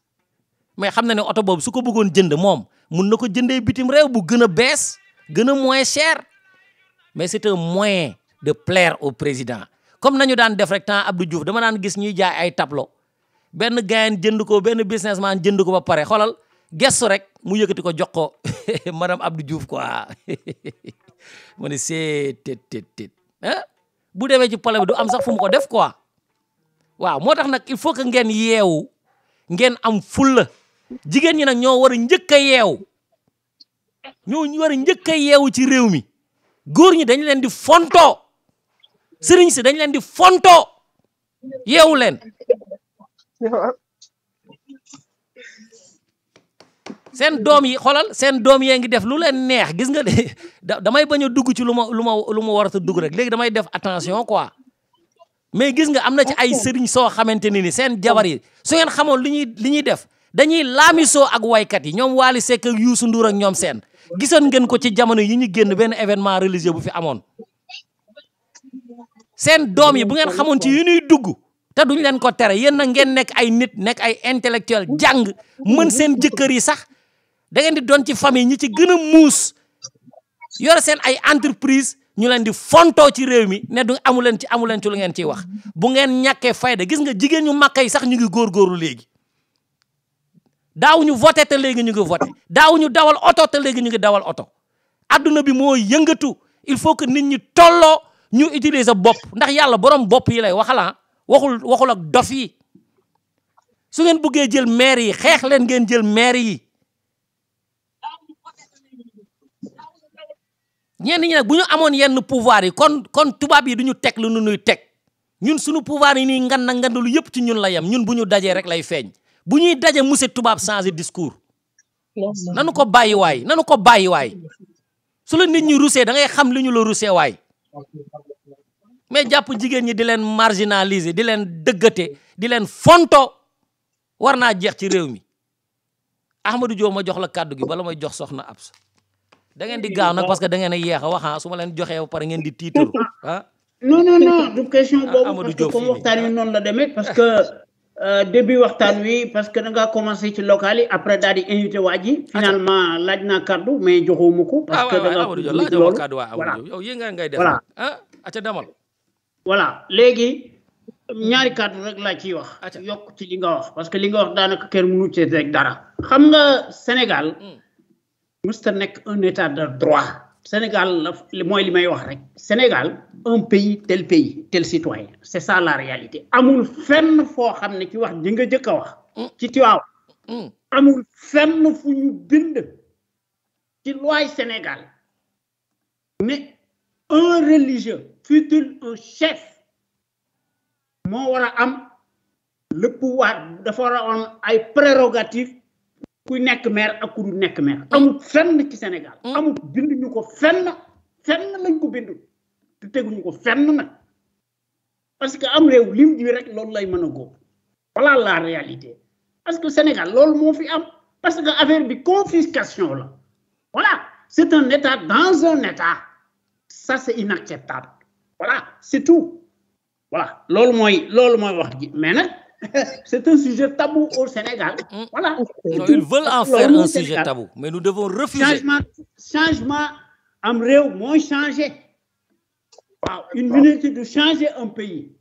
mais xam na ne oto boobu su ko bëggoon jënd moom mun na ko jëndee bitim réew bu gën a bees gën a moins cher mais c'est un moyen de plaire au président comme na ñu daan def rek temps Abdou Diouf dama daan gis ñuy jaay ay tableau benn gayen jënd ko benn businessement jënd ko ba pare xoolal gestu rek mu yëkkati ko jox ko madame Abdou Diouf quoi ma ne see tet bu demee ci pale bi du am sax fum ko def quoi waaw moo tax nag il faut que ngeen yeewu ngeen am fulla jigéen ñi nag ñoo war a njëkk a yeewu ñoo war a njëkk a yeewu ci réew mi góor ñi dañ leen di fontoo sëriñ si dañ leen di fontoo yeewu leen seen doom yi xoolal seen doom yee ngi def lu leen neex gis nga damay bañ dugg ci lu ma lu ma lu ma warata dugg rek léegi damay def attention quoi mais gis nga am na ci ay sëriñ soo xamante ne ni seen jabar yi su ngeen xamoon li ñuy li ñuy def dañuy laamisoo ak waykat yi ñoom Waly Seck ak Youssou Ndour ak ñoom seen gisoon ngeen ko ci jamono yi ñu génn benn événement religieux bu fi amoon seen doom yi bu ngeen xamoon ci yu ñuy dugg te duñ leen ko tere yéen na ngeen nekk ay nit nekk ay intellectuel jàng mën seen jëkkër yi sax da di doon ci famille ñi ci gën a muus yore seen ay entreprise ñu leen di fontoo ci réew mi ne du amu leen ci amuleen leen ci lu ngeen ciy wax bu ngeen ñàkkee fayda gis nga jigéen ñu màkk yi sax ñu ngi góorgóorlu léegi daaw ñu voté te léegi ñu ngi voté daaw ñu dawal oto te léegi ñu ngi dawal oto adduna bi moo yëngatu il faut que nit ñi tolloo ñu utiliser bopp ndax yàlla borom bopp yi lay waxala ah, waxul waxul ak dof yi su ngeen bëggee jël maire yi xeex leen ngeen jël maire yi ñen ñi nak buñu amone yenn pouvoir yi kon kon tubab yi duñu tek lu ñuy tek ñun suñu pouvoir yi ni ngan na lu yëpp ci ñun la yam ñun buñu dajé rek lay feñ bu dajé daje monsieur tubaab changer discours nanu ko bayyi way nanu ko bayyi way su la nit ñi rusee da ngay xam liñu lo la way mais japp jigen ñi di len marginaliser di len deugëté di len fonto warna jeex ci réew mi Ahmadou ma jox la kàddu gi bala may jox soxna Absa da ngeen di gaaw nag parce que da ngeen a yéex a wax ah, su ma leen joxee par ngeen di titre ah. non non non du question ah, boobu parce que comme waxtaan wi ah. noonu la demee parce que euh, début waxtaan wi parce que da nga commencé ci local yi après daal di invité waa ji. finalement laaj naa kaddu mais joxuma ko. parce que da nga ko laaj loolu voilà yow yi nga ngay def ah aca demal. voilà léegi ñaari kaddu rek laa ciy wax. yokk ci li nga wax parce que li nga wax daanaka kenn mënu ci rek dara. xam nga Sénégal. Hmm. musta nekk un état de droit Sénégal la mooy li may wax rek Sénégal un pays tel pays tel citoyen c' est ça la réalité amul fenn foo xam ne ci wax ji nga jëkk a wax mm. ci tiwaaw mm. amul fenn fu ñu bind ci looy Sénégal mais un religieux fut-il un chef moo war a am le pouvoir dafa war a on ay prérogatives ku nekk maire ak ku du nekk maire Am fenn ci Sénégal mm. amul binduñu ko fenn fenn lañ ko bindu te teguñu ko fenn nag parce que am réew lim di rek loolu lay mën a góob voilà la réalité parce que Sénégal loolu moo fi am parce que affaire bi confiscation la voilà c'est un état dans un état ça c'est inacceptable voilà c'est tout voilà loolu mooy loolu mooy wax ji mais nag c'est un sujet tabou au Sénégal. Mm. Voilà. ils veulent en faire un sujet tabou, mais nous devons refuser. Changement, changement am changer une minorité de changer un pays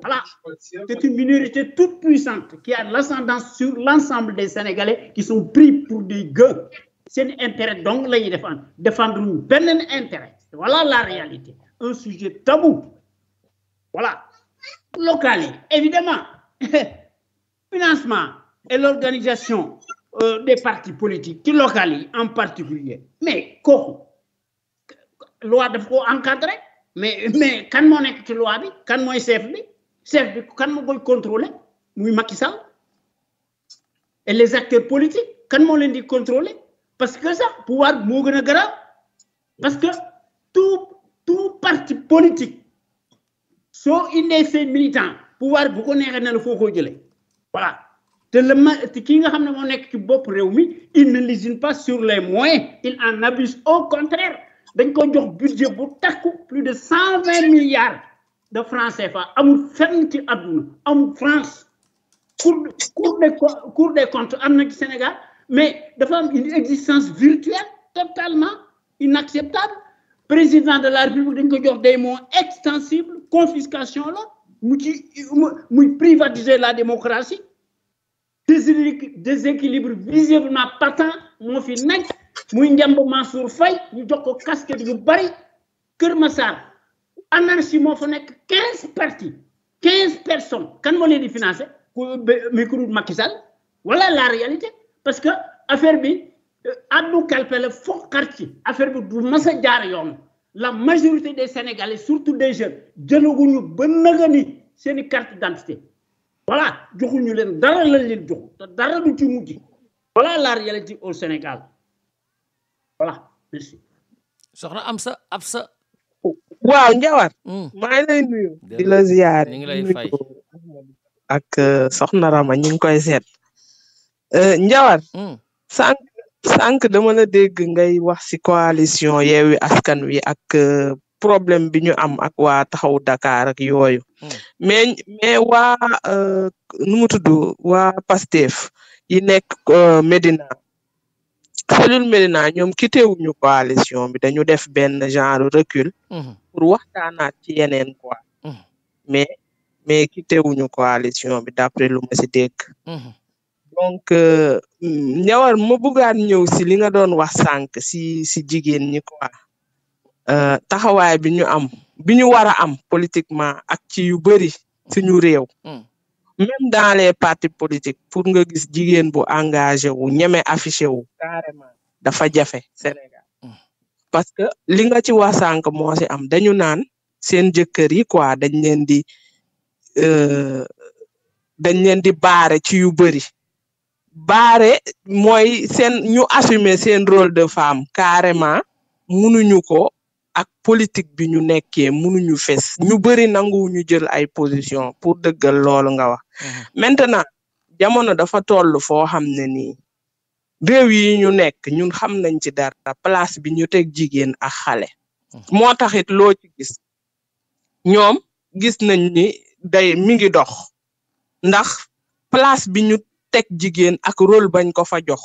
voilà c'est une minorité toute puissante qui a l'ascendance sur l'ensemble des Sénégalais qui sont pris pour des gueux C'est un intérêt donc ils défendent. défendre nous intérêt voilà la réalité un sujet tabou voilà local évidemment financement et l'organisation euh, des partis politiques qui localisent en particulier mais quoi loi de quoi mais quand kan est est ci loi quand kan mooy chef bi chef bi kan contrôler Macky et les acteurs politiques quand on les di contrôler parce que ça pouvoir moo gën a parce que tout tout parti politique sont une fait militant pouvoir bu ko neexee na la foo voilà te le ma ki nga ne nek il ne lésine pas sur les moyens il en abuse au contraire dañ ko jox budget bu takku plus de 120 milliards de francs CFA amul fenn ci France cour cour des cour des comptes ci Sénégal mais dafa am une existence virtuelle totalement inacceptable président de la République dañ ko jox des mots extensibles confiscation là qui privatiser la démocratie. des Déséquilibre visible n'a pas tant, mon fils n'est pas. Je suis un peu de casque de Bari, Kermassar. Anarchie, mon fils 15 partis 15 personnes. Quand vous voulez financer, vous voulez Makisal. Voilà la réalité. Parce que l'affaire, il euh, faut qu'il y ait un faux quartier. L'affaire, il faut qu'il y ait un faux quartier. la majorité des sénégalais surtout des jeunes jëlaguñu ba naga ni seeni carte d'identité voilà joxuñu leen dara la leen jox te dara du ci mujj voilà la réalité au Sénégal voilà merci. soxna am sa ab sa. waaw Ndiawar. Hmm. maa ngi lay nuyu. di la ñu ngi lay fay ak euh, soxna Rama ñu ngi koy seet. Euh, Ndiawar. Hmm. sànq sànq dama la dégg ngay wax ci coalition Yewwi Askan Wi ak euh, problème bi ñu am ak waa taxawu Dakar ak yooyu hmm. mais mais waa euh, nu mu tudd waa Pastef yi nekk euh, Médina cellule Médina ñoom kitewuñu coalition bi dañu def benn genre recul hmm. pour waxtaanaat ci yeneen quoi hmm. mais mais kitewuñu coalition bi d'après lu ma ci donc ñawar euh, mm, ma bëggaat ñëw si li nga doon wax sànq si si jigéen ñi quoi euh, taxawaay bi am bi ñu war a am politiquement ak ci yu bëri suñu réew hmm. même dans les partis politiques pour nga gis jigéen bu engagé wu ñeme affiché wu dafa jafe Sénégal hmm. parce que li nga ci wax sànq moo si am dañu naan seen jëkkër yi quoi dañ leen di euh, dañ leen di baare ci yu bëri baare mooy seen ñu assumer seen rôle de femme carrément munuñu ko ak politique bi ñu nekkee munuñu fes ñu bëri nanguwu ñu jël ay position pour dëggal loolu nga wax mhm. maintenant jamono dafa toll foo xam ne ni réew yi ñu nekk ñu xam nañ ci dara place bi ñu teg jigéen ak xale mhm. moo taxit loo ci gis ñoom gis nañ ni day mi ngi dox ndax place bi ñu teg jigéen ak rôle bañ ko fa jox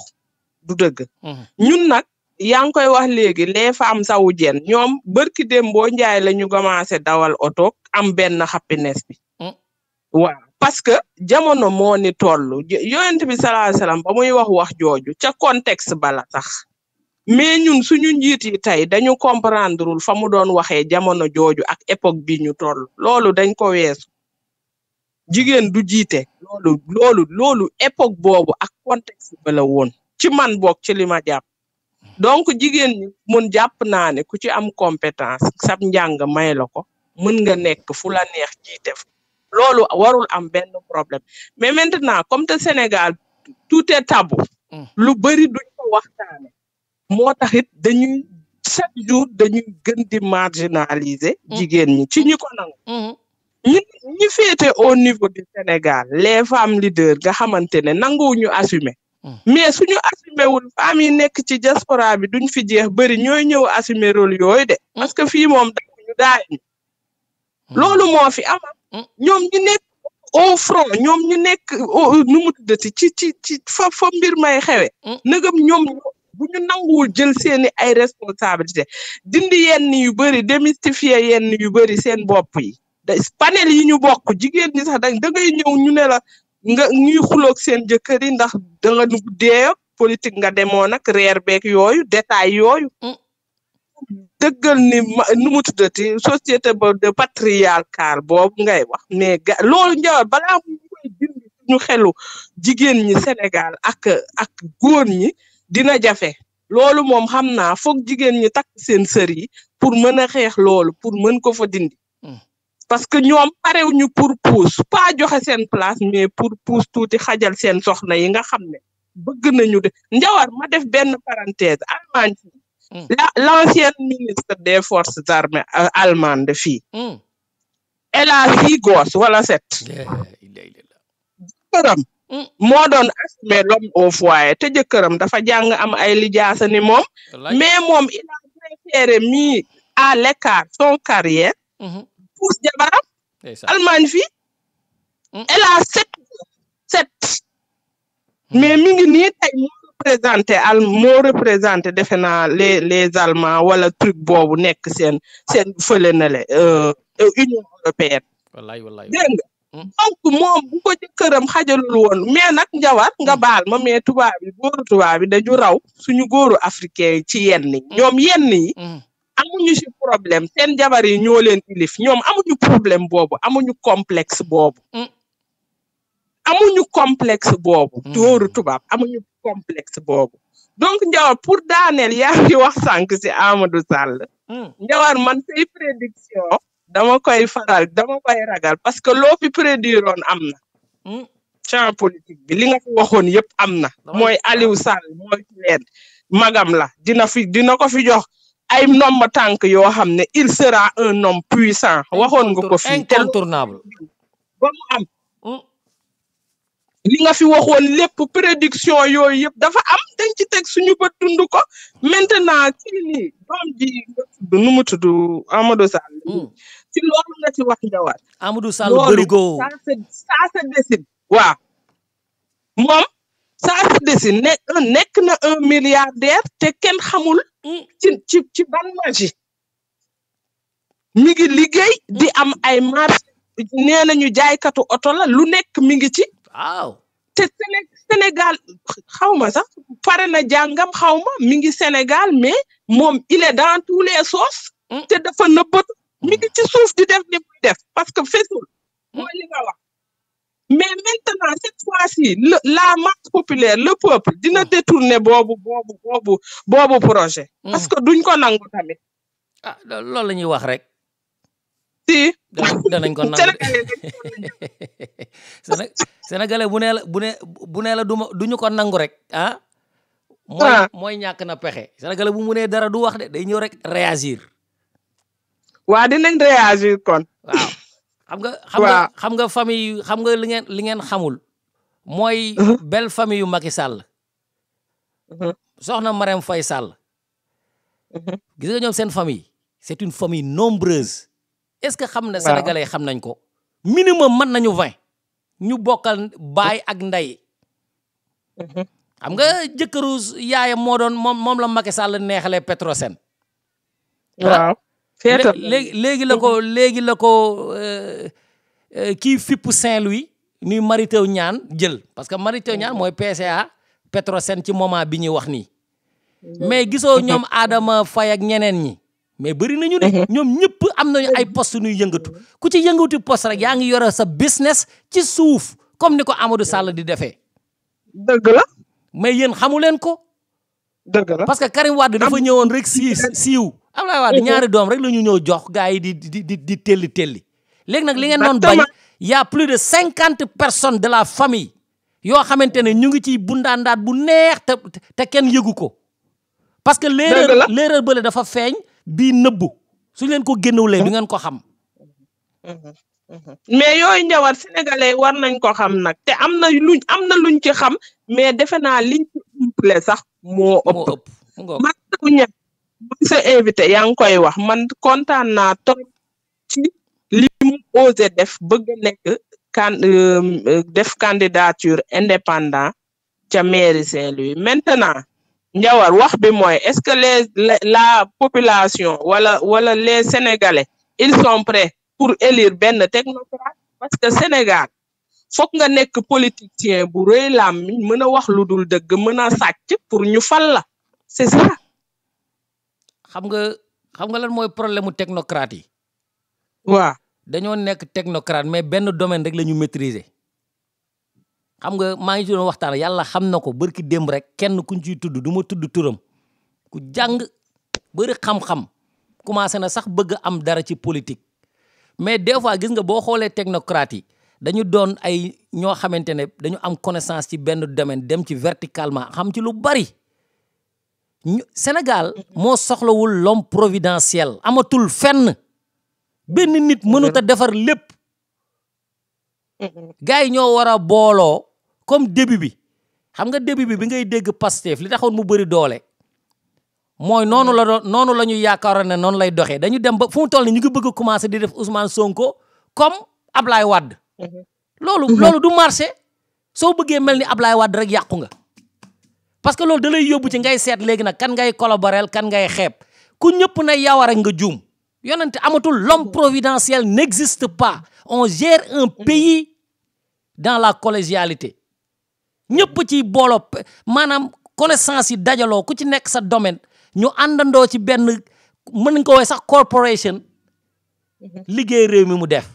du dëgg mhm. ñun nag yaa ngi koy wax léegi les femmes saoudiennes ñoom bërki dem boo njaay la ñu commencé dawal oto am benn happiness bi mhm. waaw parce que jamono moo ni toll yonent bi sallallahu alayhi wasallam ba muy wax wax jooju ca contexte bala sax mais ñun suñu njiit yi tey dañu comprendreul fa mu doon waxee jamono jooju ak époque bi ñu toll loolu dañ ko weesu jigéen du jiite loolu loolu loolu époque boobu ak contexte ba la woon ci man boog ci li ma donc jigéen ñi mun jàpp naa ne ku ci am compétence sab njàng may la ko mën nga nekk fu la neex jiite loolu warul am benn problème mais maintenant comme te Sénégal tout est tabou mm. lu bëri duñ ko waxtaane moo tax it dañuy chaque jour dañuy gën di marginaliser mm. jigéen ñi ci ñi ko nangu mm-hmm. ñi ñi féete au niveau du Sénégal les femmes leaders nga xamante ne nanguwuñu assume hmm. mais suñu assumer wul femmes yi nekk ci diaspora bi duñ fi jeex bëri ñooy ñëw assumer rôle yooyu de hmm. parce que fii moom dañu daañu hmm. loolu moo fi am ñoom ñu nekk au front ñoom ñu nekk nu mu tuddati ci ci ci fa fa mbir may xewe nëgam ñoom bu ñu nanguwul jël seeni ay responsabilité dindi yenn yu bëri démystifier yenn yu bëri seen bopp yi day panel yi ñu bokk jigeen ni sax da ngay ñew ñu ne la nga ñuy xuloog seen jëkkeer yi ndax da nga nu dee politique nga demoon nak reer beeg yoyu détail yoyu mm. deugal ni nu mu tuddati société de patriarcal bob ngay wax mais ga loolu bala balaa mu koy dindi suñu xelu jigeen ñi sénégal ak ak goor ñi dina jafé loolu mom xamna fokk jigeen ñi tak seen sër yi pour mëna a xeex loolu pour mën ko fa dindi mm parce que ñoom parewuñu pour pousse pas joxe seen place mais pour pousse tuuti xajal seen soxna yi nga xam ne bëgg nañu de njawar ma def benn parenthèse allemagne hmm. l'ancienne ministre des forces armées euh, allemande fii hmm. elle a six gosses wala sept jëkkëram modern hmm. moo doon assumé l'homme au foyer te jëkkëram dafa jàng am ay lijaasa ni moom mais moom il a préféré mis à l'écart son carrière épouse jabaram Allemagne fii hmm? elle a sept sept hmm. mais mi ngi nii tey moo représenté al représenté defe naa les les allemands wala truc bu nekk seen seen fële na le euh, euh, union européenne wallaay wallaay dégg nga hmm? xajalul woon mais nag njawar nga ma mais tubaab yi góoru tubaab suñu góoru africain ci yenn yi ñoom amuñu ci problème seen jabar yi ñoo leen ilif ñoom amuñu problème boobu amuñu complexe boobu mm. amuñu complexe boobu mm. dóoru tubaab amuñu complexe boobu donc Ndiawar pour daaneel yaa ngi wax sànq ci Amadou Sall mm. Ndiawar man say prédiction dama koy faral dama koy ragal parce que loo fi prédiroon am na champ politique bi li nga fi waxoon yëpp am na mooy Aliou Sall mooy magam la dina fi dina ko fi jox ay nomba tànk yoo xam ne il sera un homme puissant waxoon nga ko fii incontournable ba mu am hmm? li nga fi waxoon lépp prédiction yooyu yëpp dafa am dañ ci teg suñu ba dund ko maintenant kii ji nga tudd nu mu tudd Amadou Sall hmm. ci loolu nga ci wax njawaat Amadou Sall bërigo ça se décide waaw moom ça se ne un milliardaire te kenn xamul ci ci ci ban magie mi ngi liggéey di am ay marché nee nañu jaaykatu oto la lu nekk mi ngi ci waaw te Sénégal xaw ma sax pare na jàngam xaw ma mi ngi Sénégal mais moom ile est dans tous les sauces mm. te dafa nëbbatu mi mm. ngi ci suuf di def li muy def parce que fesul mm. mooy li nga mais maintenant cette fois-ci le la masse populaire le peuple dina ah. détourner boobu boobu boobu boobu projet. Hmm. parce que duñ ko nangu tamit. ah loolu la ñuy wax rek. si. danañ ko nangu bu nee la bu nee bu nee la du ma duñu ko nangu rek ah. mooy ah. mooy ñàkk na pexe. Sénégalais bu mu dara du wax de day ñëw rek réagir. waa dinañ réagir kon. waaw. xam nga xam nga xam nga famille xam nga li ngeen li ngeen xamul mooy uh-huh. belle famille yu Macky Sall uh-huh. soxna Marème fay Sall uh-huh. gis nga ñoom seen famille c'est une famille nombreuse est-ce que xam na sénégalais xam nañ ko minimum mën nañu vingt ñu bokkal baay ak nday xam nga jëkkëru yaayam moo doon moom moom la Macky Sall neexalee Petrosen waaw féeta léegi léegi la ko mm-hmm. léegi la ko euh, euh, kii fippu Saint-Louis ñuy Maritew ñaan jël parce que Maritew ñaan mm-hmm. mooy PCA Petrosen ci moment bi ñuy wax nii mm-hmm. mais gisoo ñoom Adama Faye ak ñeneen ñi mais bëri nañu de ñoom ñëpp am nañu ay poste ñuy yëngatu ku ci yëngatu poste rek yaa ngi sa business ci souf comme ni Amadou Sall di defee. dëgg la. mais yéen xamu leen ko. dëgg la parce que Karim Wade dafa ñëwoon rek siiw. Ablaye Wade ñaari doom rek lañu ñëw jox gars yi di di di di telli telli léegi nag li ngeen bay. bañ y' a plus de cinquante personnes de la famille yoo xamante ne ñu ngi ci bundaandaat bu neex te te kenn yëgu ko. parce que l'erreur l'erreur bële dafa feeñ bii nëbbu su leen ko génnewulee du mm-hmm. ngeen ko xam. Mm-hmm. Mm-hmm. mais yooyu njawar sénégalais war nañ ko xam nag te am na luñ am na luñ ci xam mais defe naa liñ ci umple sax moo ëpp. sa invité yaa ngi koy wax man kontaan naa trop ci li mu osé def bëgg a nekk can euh, def candidature indépendant ca mairie Saint-Louis maintenant njawar wax bi mooy est-ce que les la population wala wala les sénégalais ils sont prêts pour élire benn technocrate parce que Sénégal foog nga nekk politicien bu rëy làmmiñ mën a wax lu dul dëgg mën a sàcc pour ñu fal la c'est ça xam nga xam nga lan mooy problème mu technocrate waaw dañoo nekk technocrate mais benn domaine rek la ñu maîtriser. xam nga maa ngi ci doon waxtaan yàlla xam na ko barki démb rek kenn kuñ ciy tudd du ma tudd turam ku jàng bëri xam-xam commencé na sax bëgg am dara ci politique. mais des fois gis nga boo xoolee technocrate yi dañu doon ay ñoo xamante ne dañu am connaissance ci benn domaine dem ci verticalement xam ci lu bari. Sénégal moo soxlawul l'homme providentiel amatul fenn benn nit mënut a defar lépp mm-hmm. gars yi ñoo war a booloo comme début bi xam nga début bi bi ngay dégg Pastef li taxoon mu bëri doole mooy mm-hmm. noonu la doon noonu la ñu yaakaaroon ne noonu lay doxee dañu dem ba fu mu toll ni ñu ngi bëgg a commencé di def Ousmane Sonko comme Ablaye Wade mm-hmm. loolu du marché soo bëggee mel ni Ablaye Wade rek yàqu nga parce que lolou da lay yóbbu ci ngay set legui nak kan ngay collaborer kan ngay xeeb ku ñepp na yawar ak nga joom yonent amatul l'homme providentiel n'existe pas on gère un pays dans la collégialité ñepp ci bolo manam connaissance yi dajalo ku ci nek sa domaine ñu andando ci ben mën ko sax corporation mhm. liggéey réew mi mu def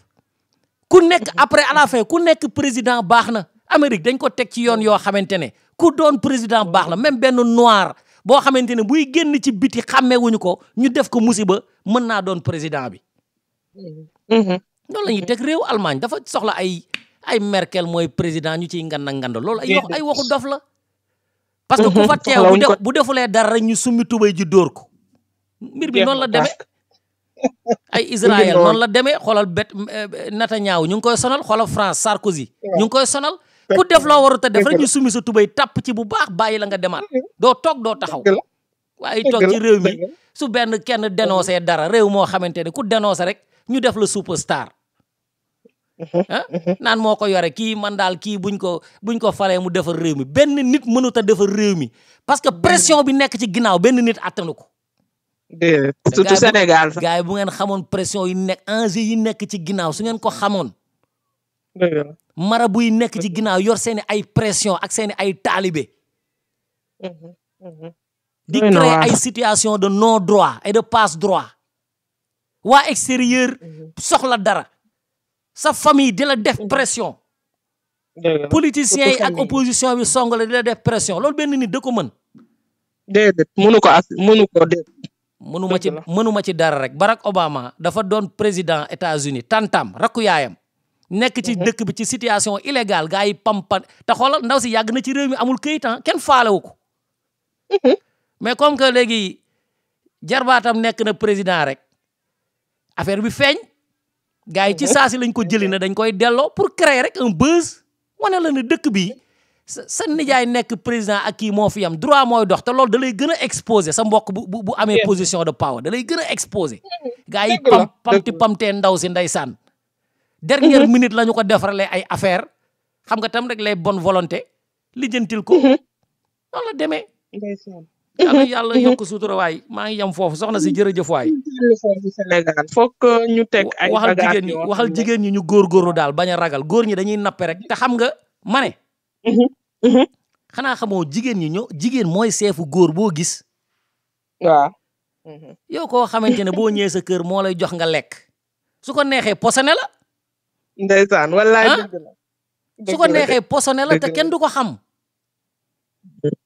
ku nek mhm. après à la fin ku nek président baxna Amérique dañ ko teg ci yoon yoo xamante ne ku doon président baax la même benn noir boo xamante ne buy génn ci biti xàmmewuñu ko ñu def ko musiba mën naa doon président bi. Mm-hmm. loolu la ñuy teg dafa soxla ay ay Merkel mooy président ñu ciy nganda nganda loolu ay ay waxu dof la. parce que ku fa mm-hmm. teew bu defulee dara ñu summi tubay ji dóor ko. mbir bi noonu la demee. ay Israël noonu la demee xoolal bet eh, Netanyahu ñu ngi koy sonal xoolal France Sarkozy ñu koy sonal. ku def loo warut a def rek ñu sumi sa tubay tàpp ci bu baax bàyyi la nga demaat doo toog doo taxaw waaye toog ci réew mi su benn kenn dénoncé dara réew moo xamante ne ku dénoncé rek ñu def la superstar uh-huh, uh-huh. naan moo ko yore kii man daal kii buñ ko buñ ko falee mu defar réew mi benn nit mënut ta defar réew mi parce que pression bi nekk ci ginnaaw benn nit attanu ko. surtout Sénégal. bu ngeen xamoon pression yi yi nekk ci ginnaaw su ngeen ko xamoon. mara buy nekk ci ginnaaw yor seeni ay pression ak seeni ay taalibe mhm, mhm. di créer ay situation de non droit et de passe droit waa extérieur mhm. soxla dara sa famille di la def pression politiciens yi ak opposition bi song la di la def pression loolu benn ni da ko mën déedéet mënu ko as mënu mënuma ci mënuma ci dara rek Barack Obama dafa doon président États-Unis tantam rakku yaayam nekk ci mhm. dëkk bi ci situation illégale gars yi pampan te xoolal ndaw si yàgg na ci réew mi amul këyit ah, kenn faalewu ko mhm. mais comme que léegi jarbaatam nekk na président rek affaire bi feeñ gars yi ci mhm. saasi lañ ko jëli ne dañ koy delloo pour créer rek un buzz wane la ne dëkk bi sa nijaay nekk président ak kii moo fi am droit mooy dox te loolu da lay gën a exposé sa mbok bu bu amee position de power dalay lay gën a exposé gars yi pam pamti pamtee ndaw si ndeysaan dernière mhm. minute la ñu ko defarale ay affaire xam nga tam rek lay bon volonté lijjantil ko mhm. noonu la demee yàlla yàlla mhm. yokk sutura waay maa ngi yam foofu soxna si jërëjëf waay Sénégal fokk ñu teg ay waxal jigéen ñi waxal jigéen ñi ñu góorgóorlu daal bañ a ragal góor ñi dañuy nappe rek te xam nga ma xanaa xamoo jigéen ñi ñoo jigéen mooy seefu góor boo gis waaw yow koo xamante ne boo ñëwee sa kër moo lay jox nga lekk su ko neexee posone la ndeysaan wallaay ah? dëgg la neexee posone la te kenn du ko xam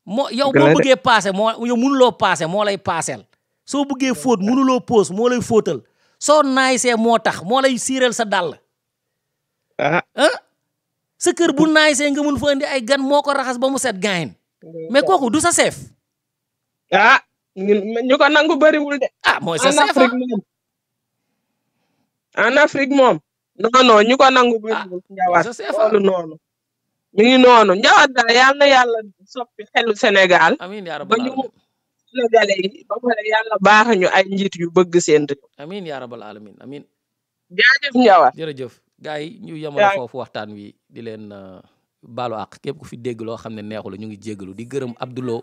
moo yow boo bëggee paase moo yow mënuloo paase moo lay paasel soo bëggee fóot mënuloo poos moo lay fóotal soo naaysee moo tax moo lay siireel sa dàll ah, ah? sa kër bu naaysee nga mun fa indi ay gan moo ko raxas ba mu set gaayin mais kooku du sa chef ah ñu ko nangu bëriwul de ah mooy sa chef ah. en Afrique moom non non ñu ko nangu bëriwul ah, njawaat loolu noonu mi ngi noonu yàlla soppi xelu Sénégal ba ñu ay njiit yu bëgg seen réew amin yaa rabal alamin amin jaajëf njawaat jërëjëf gars yi ñu yemal foofu waxtaan wi di leen euh, baalu àq képp ku fi dégg loo xam ne neexu la ñu ngi jéggalu di gërëm Abdoulo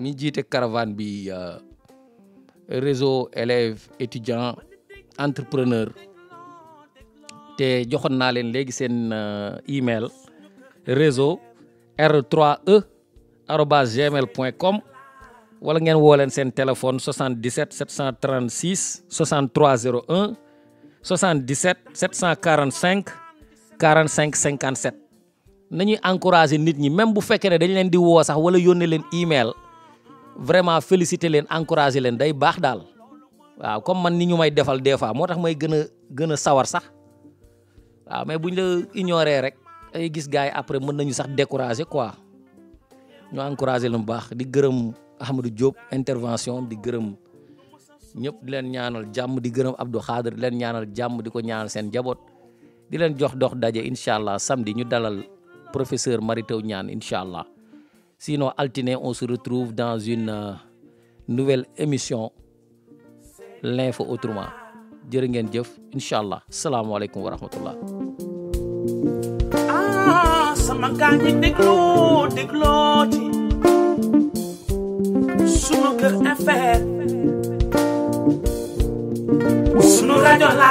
mi jiite caravane bi euh, réseau élèves étudiants entrepreneur te joxoon naa leen léegi seen euh, email réseau r3e arobas gmail point com wala ngeen woo leen seen téléphone 77 736 6301 77 745 45 57 nañuy encourager nit ñi même bu fekkee ne dañ leen di woo sax wala yónnee leen email vraiment féliciter leen encourager leen day baax daal waaw comme man ni ñu may defal des fois moo tax may gën a gën a sawar sax waaw mais ñu la ignorer rek ay gis gars yi après mën nañu sax décourager quoi ñu encourager lu mu baax di gërëm Ahmadou Diop intervention di gërëm ñëpp di leen ñaanal jàmm di gërëm Abdou Khader di leen ñaanal jàmm di ko ñaanal seen jaboot di leen jox dox daje incha allah samedi ñu dalal professeur Mary Teuw Niane incha allah sinon altine on se retrouve dans une euh, nouvelle émission l'info autrement jërë ngeen jëf incha allah salaamaaleykum wa rahmatullah Ah, samakandi déglu dégloo ci Sunuker FM sunu rajo la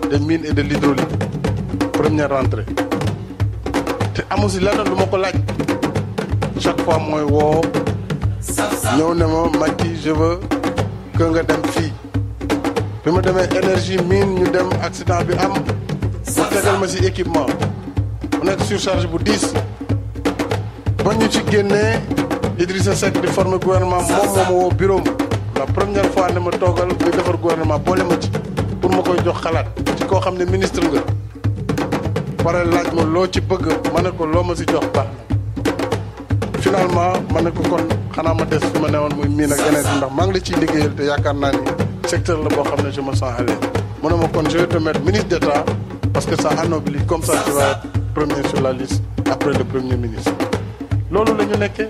des mines et de l'hydraulique première rentrée te amu si lenn lu ko chaque fois mooy woo ñëw ne ma Macky je veux que nga dem fii bi ma demee énergie mine ñu dem accident bi am mu tegal ma si équipement On est surcharge bu 10. ba ci génnee Idrissa Seck di former gouvernement moom moo bureau la première fois ne ma toogal muy gouvernement ma ma koy jox xalaat ci koo xam ne ministre nga pare laaj ma loo ci bëgg ma ne ko loo ma si jox ba finalement ma ne ko kon xanaa ma des fi ma newoon muy miin ak yeneen ndax maa ngi la ciy liggéeyal te yaakaar naa ni secteur la boo xam ne je me sens à l'aise ma kon je vais te ministre d'État parce que ça anoblit comme ça tu vas être premier sur la liste après le premier ministre loolu la ñu nekkee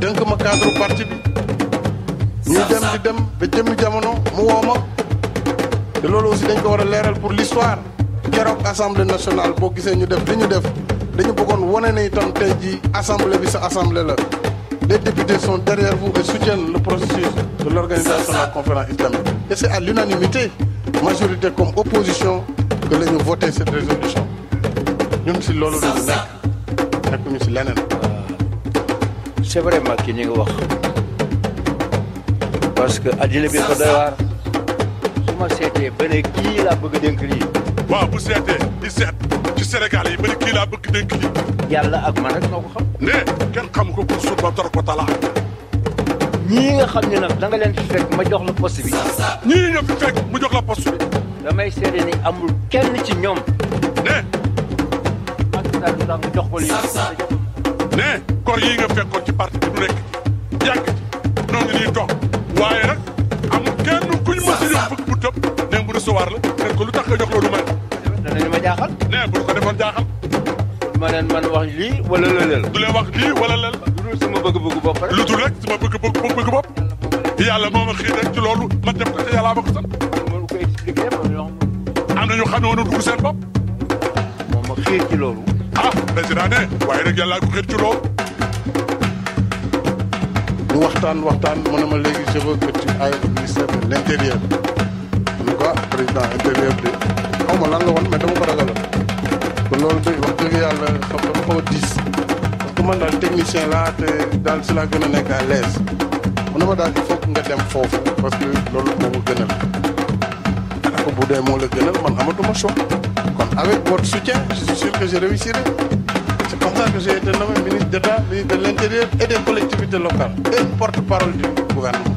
dënk ma cadre parti bi ñu dem di dem ba jëmmi jamono mu ma Et loolu aussi dañ ko war pour l'histoire keroog assemblée nationale boo gisee ñu def li ñu def dañu bëggoon wane ne itam assemblée bi sa assemblée la les députés sont derrière vous et soutiennent le processus de l'organisation de la conférence islamique et c'est à l'unanimité majorité comme opposition que la ñu voté cette résolution ñun si loolu la ñu nekk nekkuñu si leneen. c'est vraiment ki ñu wax parce que addina bi doy ma seetee ba ne kii laa bëgg a dénk lii. ñii nga xam ne nag da nga fekk ma la poste bi. ñii nga fi fekk mu jox la poste bi. damay seede ni amul kenn ci ñoom. ne. ak daal du nga jox ko lii. ne kor yii nga fekkoon ci parti du nekk yàgg ci ñoo nii toog waaye nag amul kenn. président bëgg bu tëb ne bu recevoir la ne ko lu tax nga jox loolu man danañu ma jaaxal ne bu ko defoon jaaxal ma leen man wax lii wala lëleel du leen wax lii wala lël lu dul sama bëgg-bëgg bopp rek lu dul rek sama bëgg-bëgg bëgg bopp yàlla moo ma xii rek ci loolu ma def ko te yàlla ma ko sant am na ñu xam ne woon dugg seen bopp moom ma xiir ci loolu ah président ne waaye nag yàlla ko xiir ci loolu ñu waxtaan waxtaan mu ne ma léegi je veux que tu ailles au ministère de l' intérieur en quoi président intérieur bi xaw ma lan la woon mais dama ko ragaloon. kon loolu de wax dëgg yàlla xam nga dafa diis parce man daal technicien laa te daal si laa gën a nekk à l' a mu ne ma daal il faut nga dem foofu parce que loolu moo ma gënal ko bu dee moo la gënal man amatuma choix kon avec votre soutien je suis comme ça que j'ai été nommé ministre d'État, ministre de l'Intérieur et des collectivités locales et porte-parole du gouvernement.